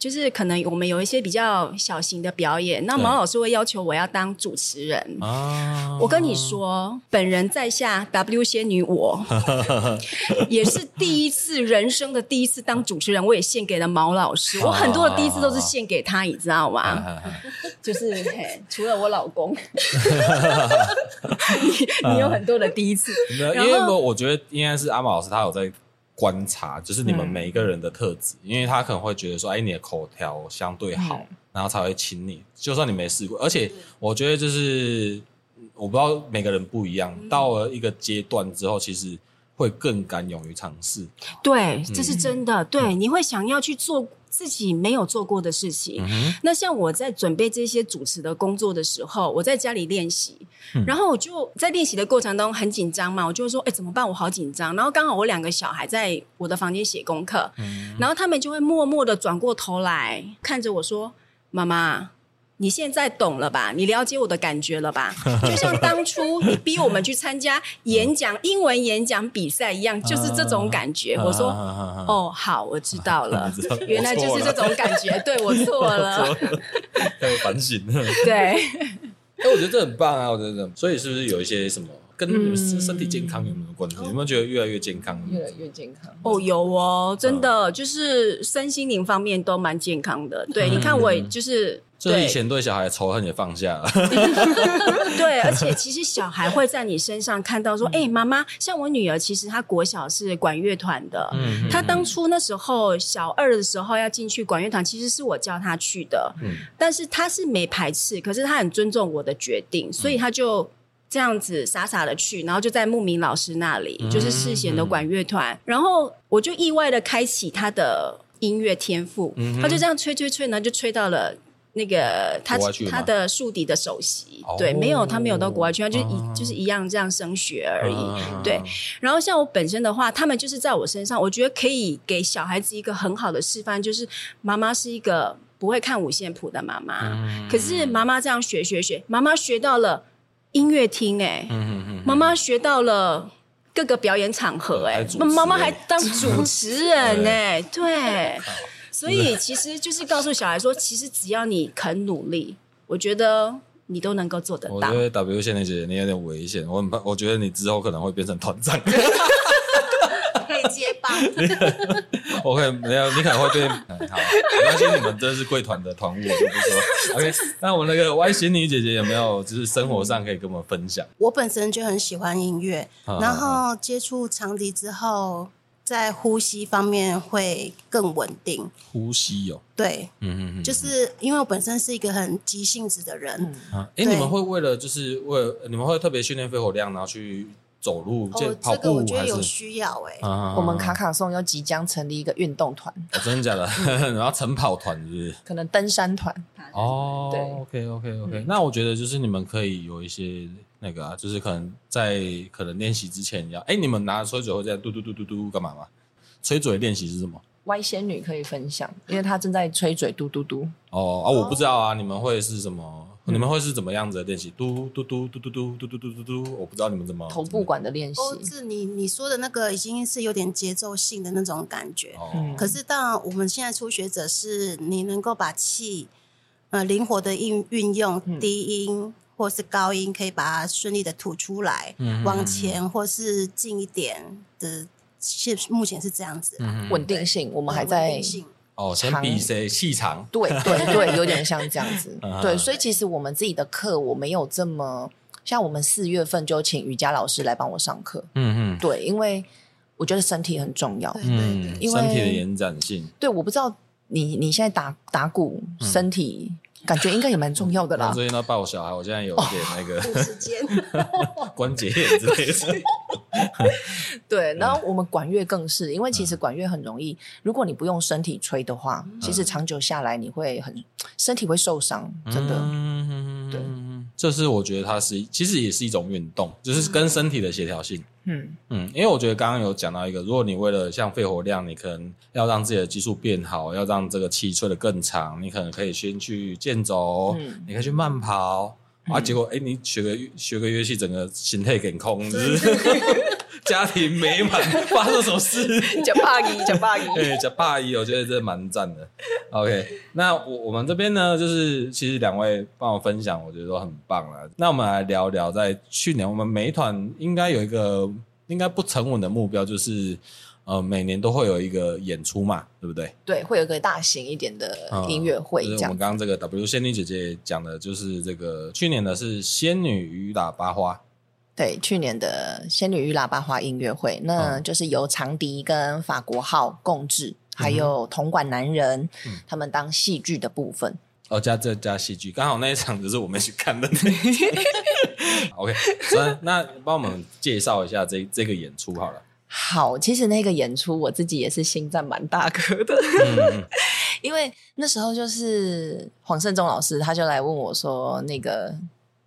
就是可能我們有一些比較小型的表演，那毛老師會要求我要當主持人。對我跟你說，本人在下 W 仙女我，我 [laughs] 也是第一次 [laughs] 人生的第一次當主持人，我也獻給了毛老師。 [laughs] 我很多的第一次都是獻給他， [laughs] 你知道嗎？就是除了我老公，你你有很多的第一次。嗯、後因為我覺得應該是阿毛老師，他有在。觀察就是你們每一個人的特質，嗯、因為他可能會覺得說，哎，你的口條相對好，嗯、然後才會請你。就算你沒試過，而且我覺得就是，我不知道每個人不一樣，嗯、到了一個階段之後，其實。會更敢勇於嘗試，對，這是真的。嗯、對，嗯、你會想要去做自己沒有做過的事情。嗯、哼那像我在準備這些主持的工作的時候，我在家裡練習，嗯、然後我就在練習的過程當中很緊張嘛，我就會說：“哎，怎麼辦？我好緊張。”然後剛好我兩個小孩在我的房間寫功課，嗯、然後他們就會默默地轉過頭來看着我說：“媽媽。”你現在懂了吧？你了解我的感覺了吧？ [laughs] 就像當初你逼我們去參加演講、嗯、英文演講比賽一樣，就是這種感覺。啊、我說：“啊啊啊、哦，好，我知道了，啊、道原來就是這種感覺。”對，我錯了，還有 [laughs] 反省。對，哎、欸，我覺得這很棒啊！我覺得，所以是不是有一些什麼？跟你們身身體健康有沒有關係？嗯、有沒有覺得越來越健康？哦、越來越健康哦，有哦，真的、嗯、就是身心靈方面都蠻健康的。對，嗯、你看我就是，對以前對小孩仇恨也放下了。對，而且其實小孩會在你身上看到說，哎、嗯，媽媽、欸，像我女兒，其實她國小是管樂團的。嗯,嗯,嗯，她當初那時候小二的時候要進去管樂團，其實是我叫她去的。嗯，但是她是沒排斥，可是她很尊重我的決定，所以她就。嗯這樣子傻傻的去，然後就在牧民老師那裡，嗯、就是世賢的管樂團，嗯嗯、然後我就意外的開啟他的音樂天賦，嗯嗯、他就這樣吹吹吹呢，然後就吹到了那個他他的豎笛的首席。哦、對，沒有他沒有到國外去，他就一、啊、就是一樣這樣升學而已。啊、對，然後像我本身的話，他們就是在我身上，我覺得可以給小孩子一個很好的示範，就是媽媽是一個不會看五線譜的媽媽，嗯、可是媽媽這樣學學學，媽媽學到了。音樂廳，媽媽學到了，各個表演場合哎，媽媽還，還當主持人，主持人對，對 [laughs] 所以其實就是告訴小孩說，其實只要你肯努力，我覺得你都能夠做得到。因為 W 仙女姐姐你有點危險，我很怕，我覺得你之後可能會變成團長。 [laughs] 結巴，OK，沒有，你可能會對。好，首先你們真是貴團的團務，就是說。 [laughs] OK，那我們那個 Y 型女姐姐有沒有就是生活上可以跟我們分享？我本身就很喜歡音樂，然後接觸長笛之後，在呼吸方面會更穩定。呼吸有、哦？對，嗯嗯嗯，就是因為我本身是一個很急性子的人。嗯、啊，哎、欸，對你們會為了就是為了你們會特別訓練肺活量，然後去？走路、跑步、哦、這個我覺得有需要哎、欸。是啊、我們卡卡頌又即將成立一個運動團、哦，真的假的？ [laughs] [laughs] 然後晨跑團是不是？可能登山團。哦，嗯、對，OK OK OK、嗯。那我覺得就是你們可以有一些那個啊，就是可能在可能練習之前要哎、欸，你們拿吹嘴會在嘟嘟嘟嘟嘟幹嘛嗎？吹嘴練習是什麼？歪仙女可以分享，因為她正在吹嘴嘟，嘟嘟嘟。哦啊、哦哦哦，我不知道啊，你們會是什麼？哦、你們會是怎麼樣子的練習？嘟嘟嘟嘟嘟嘟嘟嘟嘟嘟我不知道你們怎麼頭部管的練習。都是對，你你說的那個已經是有點節奏性的那種感覺。哦、可是，當然，我們現在初學者是，你能夠把氣，呃，靈活的運運用、嗯、低音或是高音，可以把它順利的吐出來，嗯、往前或是近一點的，現目前是這樣子、啊。嗯、對穩定性，我們還在。哦，先比誰氣長，長？對對對，有點像這樣子。 [laughs] 對，所以其實我們自己的課，我沒有這麼，像我們四月份就請瑜伽老師來幫我上課。嗯嗯哼，對，因為我覺得身體很重要。嗯，因為身體的延展性。對，我不知道你你現在打打鼓，身體。嗯感覺應該也蠻重要的啦。我、嗯嗯、最近在抱我小孩，我現在有一點那個時間、哦、 [laughs] [laughs] 關節炎之類的。是 [laughs] 對，然後我們管樂更是，因為其實管樂很容易，嗯、如果你不用身體吹的話，嗯、其實長久下來你會很身體會受傷，真的。嗯嗯嗯嗯。嗯對，這是我覺得它是其實也是一種運動，就是跟身體的協調性。嗯嗯，因為我覺得剛剛有講到一個，如果你為了像肺活量，你可能要讓自己的技術變好，要讓這個氣吹得更長，你可能可以先去健走，嗯、你可以去慢跑，嗯、啊，結果誒、欸，你學個學個樂器，整個心態給你控制。 [laughs] 家庭美滿， [laughs] 發這首詩叫帕姨，叫帕姨，對，叫爸姨，我覺得這蠻讚的。OK，那我我們這邊呢，就是其實兩位幫我分享，我覺得都很棒了。那我們來聊聊，在去年我們美團應該有一個應該不成文的目標，就是呃，每年都會有一個演出嘛，對不對？對，會有個大型一點的音樂會。這樣，嗯就是、我們剛剛這個 W 仙女姐姐講的就是這個，去年的是仙女與喇叭花。對，去年的《仙女與喇叭花》音樂會，那就是由長笛跟法國號共製，嗯、哼還有銅管男人、嗯、他們當戲劇的部分。哦，加這加戲劇，剛好那一場就是我們去看的那一場。 [laughs] [laughs] OK，那幫我們介紹一下這 [laughs] 這個演出好了。好，其實那個演出我自己也是心臟蠻大顆的， [laughs] 嗯、因為那時候就是黃勝忠老師他就來問我說：“那個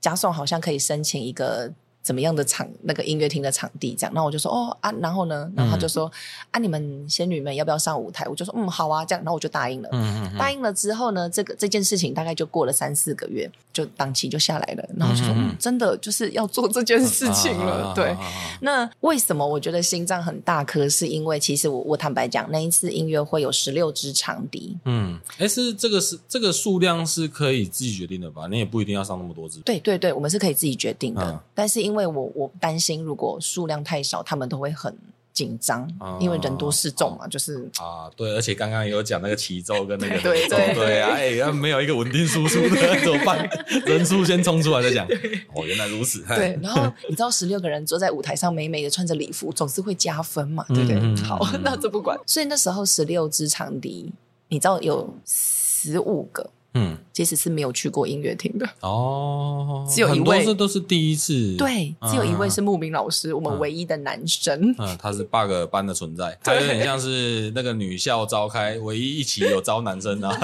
嘉頌好像可以申請一個。”怎麼樣的場那個音樂廳的場地這樣，然後我就說哦啊，然後呢，然後他就說、嗯、啊，你們仙女們要不要上舞台？我就說嗯，好啊，這樣，然後我就答應了。嗯、哼答應了之後呢，這個這件事情大概就過了三四個月，就檔期就下來了。然後我就說嗯,哼嗯，真的就是要做這件事情了。啊啊啊、對，啊啊啊、那為什麼我覺得心臟很大顆？是因為其實我我坦白講，那一次音樂會有十六支長笛。嗯，哎，是這個是這個數量是可以自己決定的吧？你也不一定要上那麼多支。對對對，我們是可以自己決定的，啊、但是因為因為我我擔心，如果數量太少，他們都會很緊張，因為人多勢眾嘛。啊、就是啊，對，而且剛剛也有講那個齊州跟那個，對，對，對，對啊，對對哎，沒有一個穩定輸出的怎麼辦？人數先衝出來再講。哦，原來如此。對，然後你知道十六個人坐在舞台上美美的穿着禮服，總是會加分嘛，對不對？嗯、好，那就不管。嗯、所以那時候十六支長笛，你知道有十五個。嗯，即使是沒有去過音樂廳的哦，只有一位，很多次都是第一次，對，嗯、只有一位是牧民老師，我們唯一的男生，嗯,嗯，他是 bug 般的存在，對他有點像是那個女校召開唯一一起有招男生啊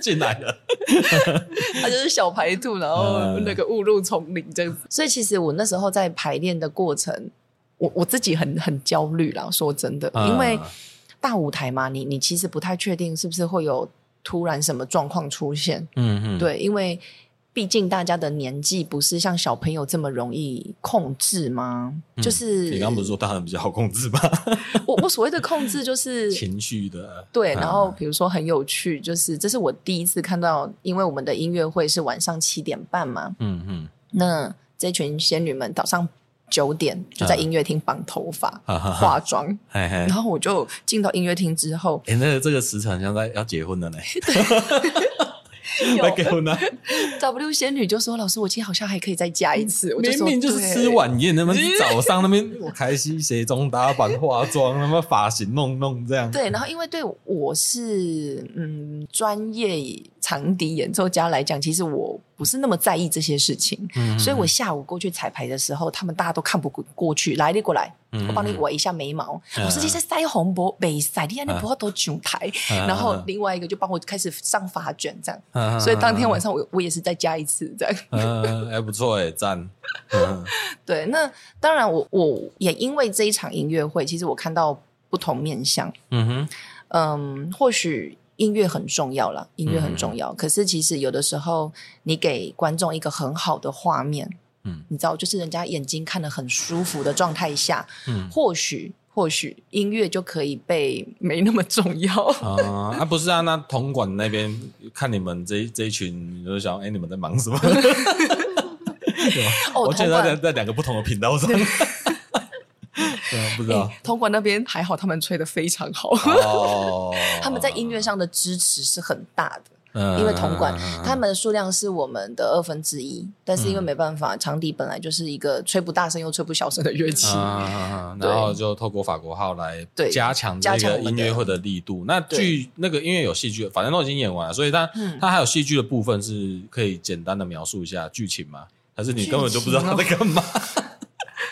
進 [laughs] [laughs] 來的了，他就是小白兔，然後那個誤入叢林，嗯、這樣子。所以其實我那時候在排練的過程，我我自己很很焦慮了。說真的，嗯、因為大舞台嘛，你你其實不太確定是不是會有。突然什麼狀況出現？嗯嗯哼，對，因為畢竟大家的年紀不是像小朋友這麼容易控制嗎？嗯、就是你剛不是說大人比較好控制嗎？ [laughs] 我我所謂的控制就是情緒的，對。然後比如說很有趣，啊、就是這是我第一次看到，因為我們的音樂會是晚上七點半嘛，嗯嗯哼。那這群仙女們早上。九點就在音樂廳綁頭髮、化妝，然後我就進到音樂廳之後，欸、那個、這個時辰現在要結婚了呢。對 [laughs] 有來給我拿，w 仙女就說：“老師，我今天好像還可以再加一次。 [laughs] 我”我明明就是吃晚宴， [laughs] 那麼早上那邊我開心寫妝 [laughs] 打板化妝， [laughs] 那麼髮型弄弄這樣。對，然後因為對我是嗯專業長笛演奏家來講，其實我不是那麼在意這些事情，嗯。所以我下午過去彩排的時候，他們大家都看不過過去，來，你過來。我幫你紋一下眉毛，我、嗯嗯、實際在腮紅不被腮，你阿你不要多上台。嗯嗯嗯，然後另外一個就幫我開始上髮捲，這樣。嗯嗯嗯所以當天晚上我我也是再加一次這樣。嗯，嗯，還不錯哎，贊、嗯嗯。對，那當然我，我我也因為這一場音樂會，其實我看到不同面向。嗯哼，嗯，或許音樂很重要啦，音樂很重要。嗯、可是其實有的時候，你給觀眾一個很好的畫面。嗯，你知道，就是人家眼睛看得很舒服的狀態下，嗯，或許或許音樂就可以被沒那麼重要啊。啊，不是啊，那銅管那邊看你們這這一群，你就想哎，你們在忙什麼？我記得在在兩個不同的頻道上，對啊，不知道。銅管那邊還好，他們吹得非常好，他們在音樂上的支持是很大的。因為銅管，嗯、他們的數量是我們的二分之一，2, 嗯、但是因為沒辦法，長笛本來就是一個吹不大聲又吹不小聲的樂器，嗯嗯，然後就透過法國號來加強這個音樂會的力度。那劇，對那，劇那個音樂有戲劇，反正都已經演完了，所以他它，嗯、它還有戲劇的部分，是可以簡單的描述一下劇情嗎？還是你根本就不知道他在幹嘛？哎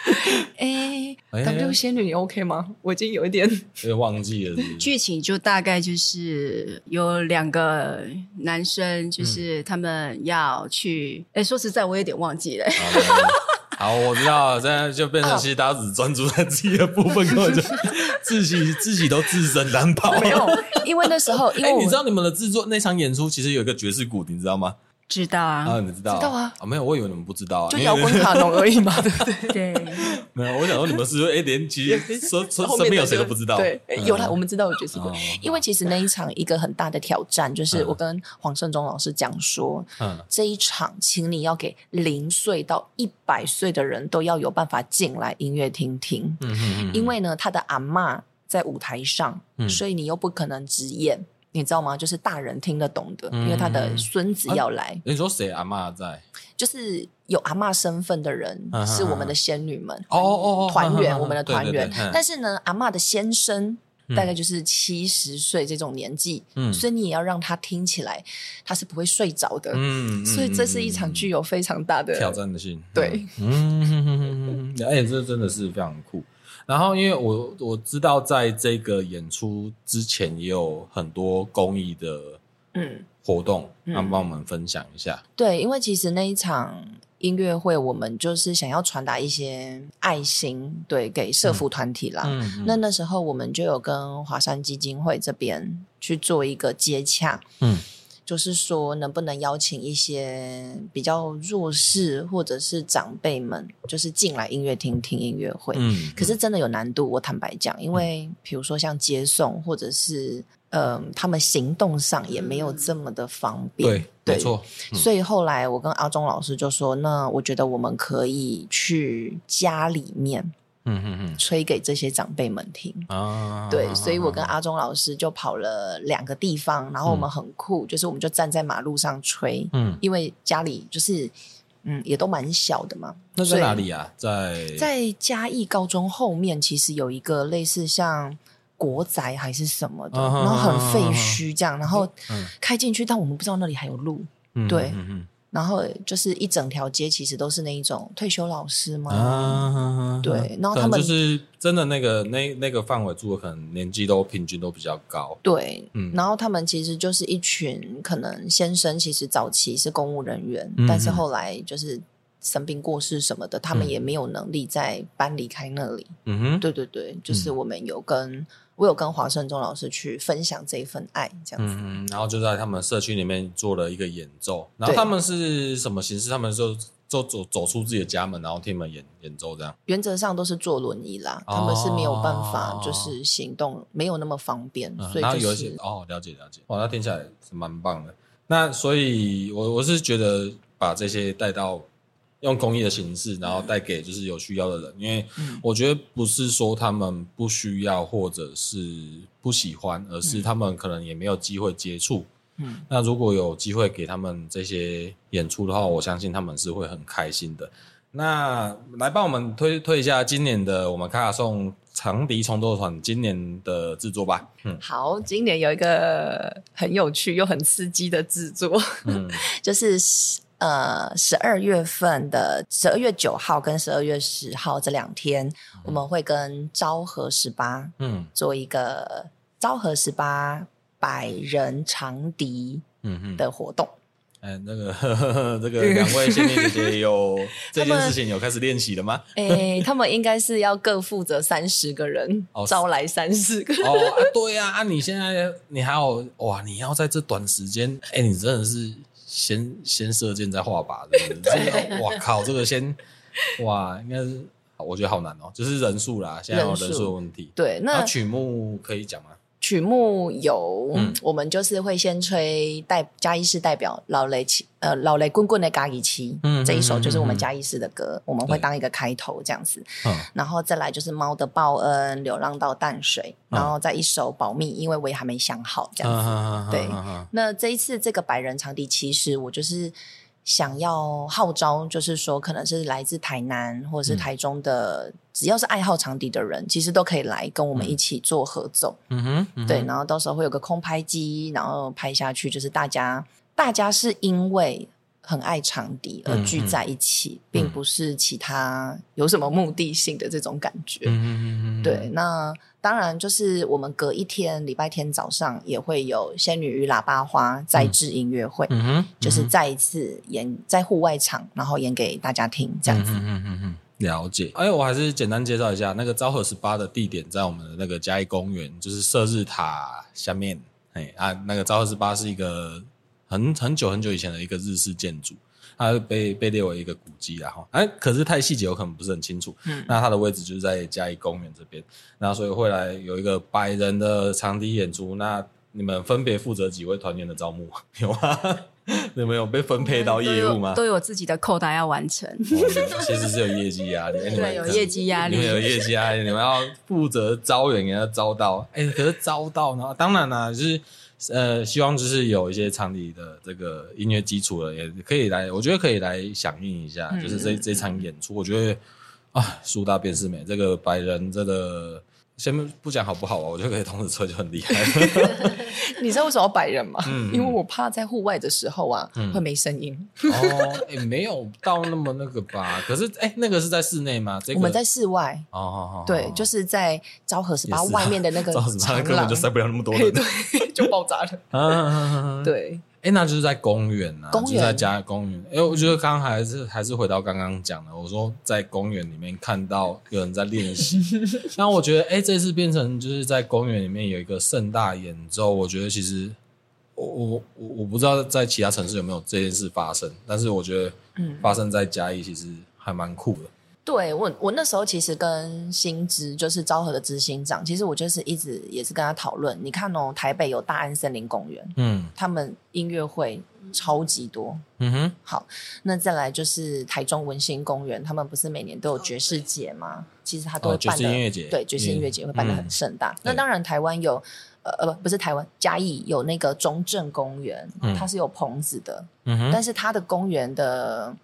情。 [laughs] 欸 W 仙女，你 OK 嗎？哎、呀我已經有一點有點忘記了是是。劇情就大概就是有兩個男生，就是他們要去。哎、嗯，說實在，我有點忘記了。好，的 [laughs] 好，我知道了，現在就變成其實大家只專注在自己的部分，oh. 自己自己都自身難保。 [laughs] 沒有，因為那時候，因為、欸、你知道你們的制作那場演出，其實有一個爵士鼓，你知道嗎？知道啊，啊，你知道，知道啊，啊，沒有，我以為你們不知道，啊。就搖滾卡農而已嘛。對，沒有，我想說你們是不是 A D N G，說說身邊有誰都不知道？對，有啦，我們知道有角色。因為其實那一場一個很大的挑戰，就是我跟黃勝忠老師講說，嗯，這一場請你要給零歲到一百歲的人都要有辦法進來音樂廳聽，嗯嗯，因為呢，他的阿嬤在舞台上，所以你又不可能直演。你知道嗎？就是大人聽得懂的，因為他的孫子要來。你說誰阿嬤在？就是有阿嬤身份的人是我們的仙女們，哦哦哦，團員，我們的團員。但是呢，阿嬤的先生大概就是七十歲這種年紀，所以你也要讓他聽起來，他是不會睡着的。嗯，所以這是一場具有非常大的挑戰性。對，嗯，而且這真的是非常酷。然後，因為我我知道，在這個演出之前也有很多公益的活動，能幫我們分享一下？對，因為其實那一場音樂會，我們就是想要傳達一些愛心，對，給社福團體啦。嗯。嗯嗯那，那時候我們就有跟華山基金會這邊去做一個接洽。嗯。就是說，能不能邀請一些比較弱勢或者是長輩們，就是進來音樂廳聽音樂會？嗯，可是真的有難度。我坦白講，嗯、因為比如說像接送，或者是嗯、呃，他們行動上也沒有這麼的方便、嗯。對，對、嗯、所以後來我跟阿忠老師就說，那我覺得我們可以去家裡面。嗯嗯嗯，吹給這些長輩們聽。啊，對，所以我跟阿忠老師就跑了兩個地方，然後我們很酷，就是我們就站在馬路上吹。嗯，因為家裡就是嗯也都蠻小的嘛。那在哪裡啊？在在嘉義高中後面，其實有一個類似像國宅還是什麼的，然後很廢墟這樣，然後開進去，但我們不知道那裡還有路。對。然後就是一整條街，其實都是那一種退休老師嘛。啊、對，然後他們就是真的那個那那個範圍住的，可能年紀都平均都比較高。對，嗯、然後他們其實就是一群可能先生，其實早期是公務人員，嗯哼，但是後來就是。生病過世什麼的，他們也沒有能力再搬離開那裡。嗯對對對，嗯、就是我們有跟，我有跟華盛忠老師去分享這一份愛，這樣子。嗯，然後就在他們社區裡面做了一個演奏。然後他們是什麼形式？對他們就就，就走走出自己的家門，然後聽他們演演奏這樣。原則上都是坐輪椅啦，哦、他們是沒有辦法，就是行動、哦、沒有那麼方便，嗯、所以就是有一些哦，了解了解。哦那聽起來是蠻棒的。那所以我，我我是覺得把這些帶到。用公益的形式，然後帶給就是有需要的人，因為我覺得不是說他們不需要或者是不喜歡，而是他們可能也沒有機會接觸。嗯，那如果有機會給他們這些演出的話，我相信他們是會很開心的。那來幫我們推推一下今年的我們卡卡頌長笛重奏團今年的製作吧。嗯，好，今年有一個很有趣又很刺激的製作，嗯、 [laughs] 就是。呃，十二月份的十二月九號跟十二月十號這兩天，嗯、我們會跟昭和十八嗯做一個昭和十八百人長笛嗯的活動、嗯嗯嗯。哎，那個呵呵這個兩位仙女姐姐有、嗯、這件事情有開始練習了嗎？哎，他們應該是要各負責三十個人，哦、招來三十個人。哦、啊，對啊，啊，你現在你還有哇，你要在這短時間，哎，你真的是。先先射箭再畫靶，對不對？ [laughs] 對，哇靠，這個先哇，應該是我覺得好難哦，就是人數啦，現在有人數的問題。對，那曲目可以講嗎？曲目有，嗯、我們就是會先吹代加一式代表老雷七，呃，老雷棍棍的加一七，這一首就是我們加一式的歌，我們會當一個開頭對這樣子，嗯、然後再來就是貓的報恩，流浪到淡水，嗯、然後再一首保密，因為我也還沒想好這樣子，嗯嗯嗯、對，嗯嗯嗯、那這一次這個白人長笛，其實我就是。想要號召，就是說，可能是來自台南或者是台中的，只要是愛好長笛的人，其實都可以來跟我們一起做合奏嗯。嗯，嗯對，然後到時候會有個空拍機，然後拍下去，就是大家大家是因為很愛長笛而聚在一起，嗯哼，並不是其他有什麼目的性的這種感覺。嗯，嗯對，那。當然，就是我們隔一天禮拜天早上也會有《仙女與喇叭花在、嗯》再制音樂會，嗯、就是再一次演在戶外場，然後演給大家聽這樣子嗯。嗯嗯嗯，了解。哎，我還是簡單介紹一下，那個昭和十八的地點在我們的那個嘉義公園，就是射日塔下面。哎啊，那個昭和十八是一個很很久很久以前的一個日式建築。它被被列為一個古蹟然哈，哎，可是太細節，我可能不是很清楚。嗯、那它的位置就是在嘉義公園這邊，那所以會來有一個百人的長笛演出，那你們分別負責幾位團員的招募有嗎？ [laughs] 你有沒有被分配到業務嗎？都有，都有自己的扣 u 要完成、 [laughs] 哦，其實是有業績壓力。 [laughs] 對，有業績壓力。你有業績壓力， [laughs] 你們要負責招人，要招到。哎，可是招到呢？當然、啊、就是。呃，希望就是有一些場裡的這個音樂基礎了，也可以來，我覺得可以來響應一下，嗯、就是這這場演出，我覺得啊，數大便是美，嗯、這個百人這個。先不講好不好啊，我覺得可以同時吹就很厲害。你知道為什麼要百人嗎？因為我怕在戶外的時候啊，會沒聲音。哦，也沒有到那麼那個吧。可是，哎，那個是在室內嗎？我們在室外。哦對，就是在昭和十八外面的那個。昭和十八根本就塞不了那麼多人，對，就爆炸了。嗯，對。哎，那就是在公園吶、啊，就在嘉義公園。哎，我覺得剛剛還是還是回到剛剛講的，我說在公園裡面看到有人在練習。 [laughs] 那我覺得，哎，這次變成就是在公園裡面有一個盛大演奏。我覺得其實，我我我我不知道在其他城市有沒有這件事發生，但是我覺得，嗯，發生在嘉義其實還蠻酷的。嗯嗯對，我，我那時候其實跟新知，就是昭和的執行長，其實我就是一直也是跟他討論。你看哦，台北有大安森林公園，嗯，他們音樂會超級多，嗯哼。好，那再來就是台中文心公園，他們不是每年都有爵士節嘛？哦、其實他都會辦、哦、爵士音樂節，對爵士音樂節會辦的很盛大。嗯嗯、那當然台灣，台灣有呃不不是台灣嘉義有那個中正公園，它是有棚子的，嗯哼。但是它的公園的。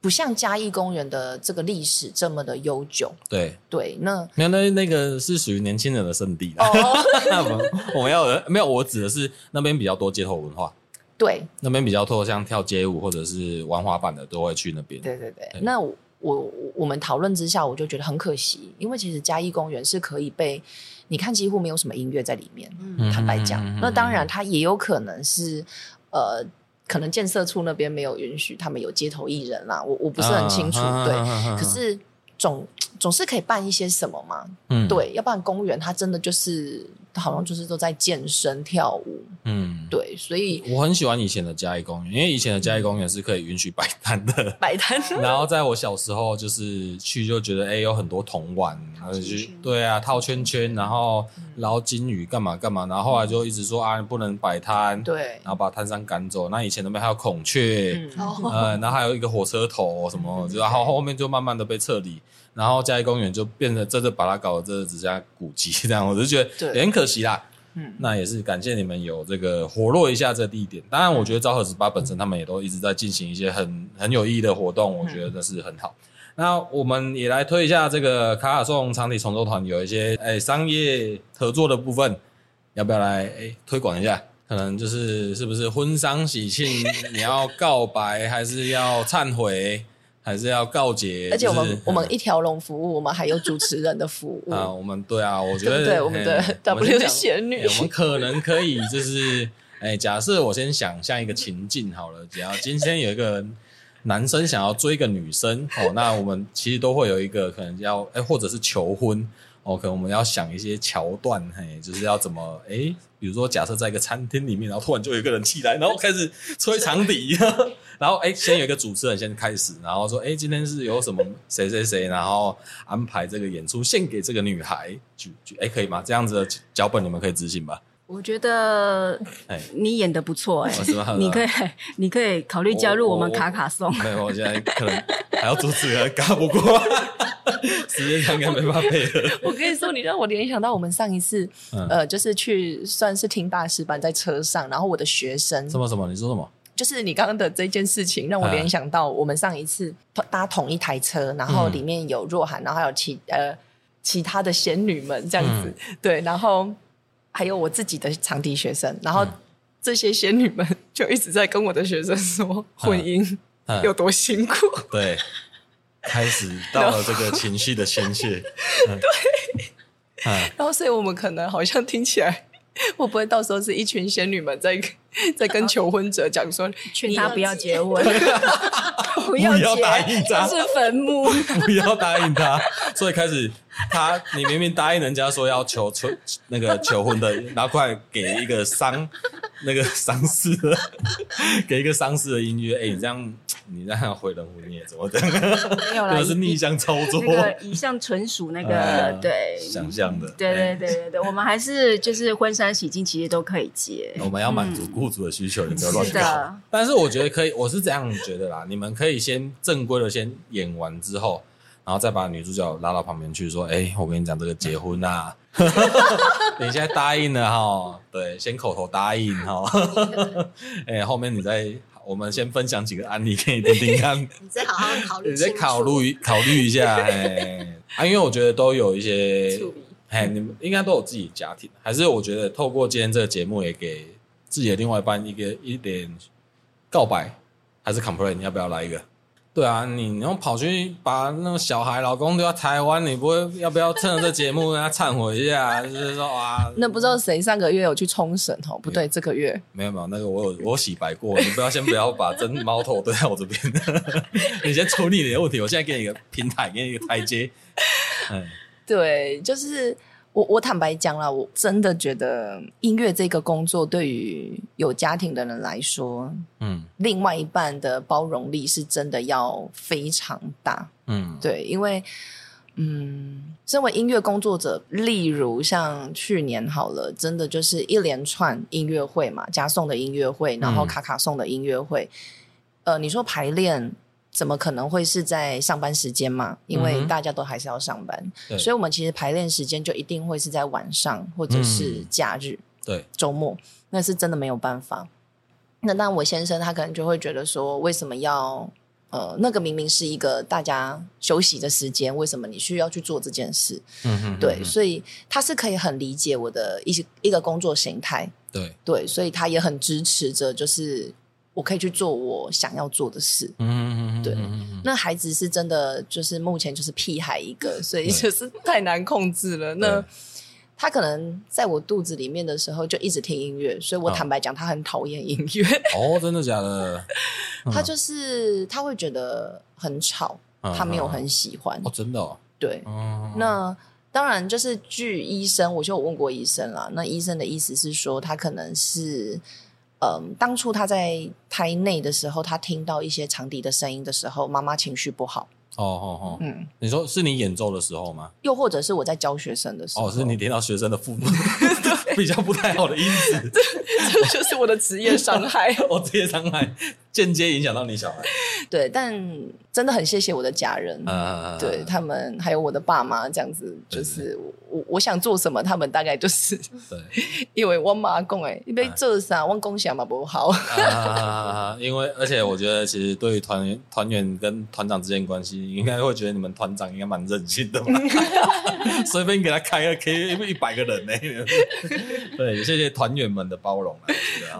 不像嘉義公園的這個歷史這麼的悠久，對對，那那那那個是屬於年輕人的聖地、哦、 [laughs] 我沒有沒有，我指的是那邊比較多街頭文化，對，那邊比較多像跳街舞或者是玩滑板的都會去那邊。對對對，對那我我，我們討論之下，我就覺得很可惜，因為其實嘉義公園是可以被你看，幾乎沒有什麼音樂在裡面。嗯，坦白講，嗯、那當然它也有可能是呃。可能建設處那邊沒有允許他們有街頭藝人啦，我我不是很清楚，啊、對。啊啊啊、可是總總是可以辦一些什麼嘛？嗯、對，要不然公務員他真的就是。好像就是都在健身跳舞，嗯，對，所以我很喜歡以前的嘉義公園，因為以前的嘉義公園是可以允許擺攤的，擺攤攤。然後在我小時候就是去就覺得哎、欸、有很多童玩，然後就圓對啊，套圈圈，然後撈金魚幹嘛幹嘛，然後後來就一直說、嗯、啊不能擺攤，對，然後把攤商趕走。那以前那邊還有孔雀，嗯，嗯，嗯，然後還有一個火車頭什麼，然後後面就慢慢的被撤離。然後嘉義公園就變得真的把它搞這只家古蹟這樣，我就覺得也很可惜啦。嗯，那也是感謝你們有這個活絡一下這地點。當然，我覺得昭和十八本身他們也都一直在進行一些很很有意義的活動，我覺得這是很好。嗯、那我們也來推一下這個卡卡頌長笛重奏團有一些誒商業合作的部分，要不要來誒推廣一下？可能就是是不是婚喪喜慶， [laughs] 你要告白還是要懺悔？還是要告誡、就是，而且我們、就是嗯、我們一條龍服務，我們還有主持人的服務啊。我們對啊，我覺得對，對我們的、欸、我們 W 仙女、欸，我們可能可以就是，哎、欸，假設我先想象一個情境好了，假如 [laughs] 今天有一個男生想要追一個女生，哦、喔，那我們其實都會有一個可能要，哎、欸，或者是求婚。OK，我們要想一些橋段，嘿，就是要怎麼誒，比如說假設在一個餐廳裡面，然後突然就有一個人起來，然後開始吹長笛， [laughs] [laughs] 然後誒，先有一個主持人先開始，然後說誒，今天是有什麼誰誰誰，然後安排這個演出獻給這個女孩，就就誒，可以嗎？這樣子的腳本你們可以執行吧。我覺得，你演得不錯哎、欸，你可以，你可以考慮加入我們卡卡頌。我現在可能還要主持，搞不過， [laughs] 時間上應該沒辦法配合。我跟你說，你讓我聯想到我們上一次，呃，就是去算是聽大師班，在車上，然後我的學生什麼什麼，你說什麼？就是你剛剛的這件事情讓我聯想到我們上一次搭同一台車，然後裡面有若涵，然後還有其呃其他的仙女們這樣子，對，然後。還有我自己的長笛學生，然後這些仙女們就一直在跟我的學生說婚姻、嗯嗯、有多辛苦。對，開始到了這個情緒的宣泄。後嗯、對，嗯嗯、然後所以我們可能好像聽起來，我不會到時候是一群仙女們在在跟求婚者講說，勸他不要結婚，不要答應他，就是墳墓，不要答應他。所以開始。他，你明明答應人家說要求求那個求婚的，然後快給一個喪，那個喪事，的，給一個喪事的音樂。哎，你這樣你這樣毀人毀滅怎麼的？沒有了，這是逆向操作。對、那個，以上純屬那個、呃、對想象的。對對對對對， [laughs] 對，我們還是就是婚喪喜慶，其實都可以接。我們要滿足雇主的需求，嗯、你不要亂搞？是的但是我覺得可以，我是這樣覺得啦。 [laughs] 你們可以先正規的先演完之後。然後再把女主角拉到旁邊去，說：“誒、欸，我跟你講，這個結婚啊， [laughs] [laughs] 你現在答應了哈？對，先口頭答應哈。誒、 [laughs] [laughs] 欸，後面你再，我們先分享幾個案例給你聽聽看。 [laughs] 你再好好考慮，你再考慮考慮一下。誒、欸。啊，因為我覺得都有一些，誒病、欸，你們應該都有自己的家庭。還是我覺得透過今天這個節目，也給自己的另外一半一個一點告白，還是 complain？你要不要來一個？”對啊，你然後跑去把那個小孩老公丟到台灣，你不會要不要趁着這節目跟他懺悔一下？ [laughs] 就是說啊，那不知道誰上個月有去沖繩哦？我不對，這個月沒有沒有那個我有我有洗白過， [laughs] 你不要先不要把真貓頭堆在我這邊， [laughs] 你先處理你的問題。我現在給你一個平台， [laughs] 給你一個台階。 [laughs] 嗯、對，就是。我我坦白講啦，我真的覺得音樂這個工作對於有家庭的人來說，嗯，另外一半的包容力是真的要非常大，嗯，對，因為，嗯，身為音樂工作者，例如像去年好了，真的就是一連串音樂會嘛，嘉頌的音樂會，然後卡卡頌的音樂會，嗯、呃，你說排練。怎麼可能會是在上班時間嘛？因為大家都還是要上班，嗯嗯，所以我們其實排練時間就一定會是在晚上或者是假日、嗯、週末。對，那是真的沒有辦法。那那我先生他可能就會覺得說，為什麼要呃那個明明是一個大家休息的時間，為什麼你需要去做這件事？嗯哼嗯。對，所以他是可以很理解我的一些一個工作形態。對對，所以他也很支持着，就是。我可以去做我想要做的事，嗯，嗯對。嗯、那孩子是真的，就是目前就是屁孩一個，所以就是太難控制了。嗯、那、嗯、他可能在我肚子裡面的時候就一直聽音樂，所以我坦白講，他很討厭音樂。哦， [laughs] 真的假的？嗯、他就是他會覺得很吵，他沒有很喜歡。嗯嗯、哦，真的、哦？對。嗯、那當然，就是據醫生，我就有問過醫生了。那醫生的意思是說，他可能是。嗯，當初他在胎內的時候，他聽到一些長笛的聲音的時候，媽媽情緒不好。哦哦，哦，哦，嗯，你說是你演奏的時候嗎？又或者是我在教學生的時候？哦，是你連到學生的父母，的父母 [laughs] 對比較不太好的因子，這這就是我的職業傷害， [laughs] 我， [laughs] 我，我職業傷害。間接影響到你小孩， [laughs] 對，但真的很謝謝我的家人，啊、對，他們還有我的爸媽，這樣子就是對對對我，我想做什麼，他們大概就是對，因為我媽講，哎，你想做啥，我講什麼嘛不好，因為而且我覺得，其實對於團員、團員跟團長之間關係，應該會覺得你們團長應該蠻任性的嘛，隨 [laughs] 便給他開個 K 一百個人呢？欸，對，謝謝團員們的包容啊，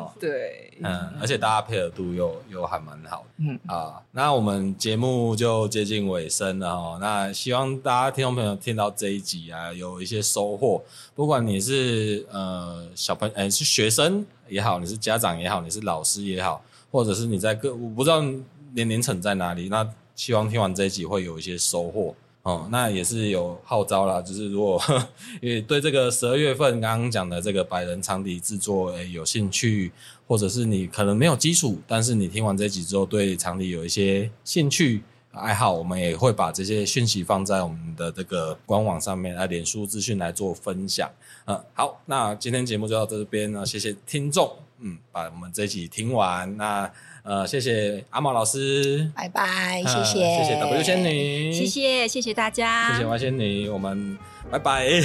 喔、對，嗯，而且大家配合度又。又還蠻好的，嗯啊，那我們節目就接近尾聲了哈、哦。那希望大家聽眾朋友聽到這一集啊，有一些收穫。不管你是呃小朋友、哎，是學生也好，你是家長也好，你是老師也好，或者是你在各我不知道年齡層在哪裡，那希望聽完這一集會有一些收穫。哦，那也是有號召啦。就是如果呵因為對這個十二月份剛剛講的這個百人長笛製作誒有興趣，或者是你可能沒有基礎，但是你聽完這集之後對長笛有一些興趣愛好，我們也會把這些訊息放在我們的這個官網上面來臉書資訊來做分享。嗯、呃，好，那今天節目就到這邊，那謝謝聽眾，嗯，把我們這集聽完那。呃，謝謝阿毛老師，拜拜，謝謝、嗯、謝謝 W 仙女，謝謝謝謝大家，謝謝 Y 仙女，我們拜拜。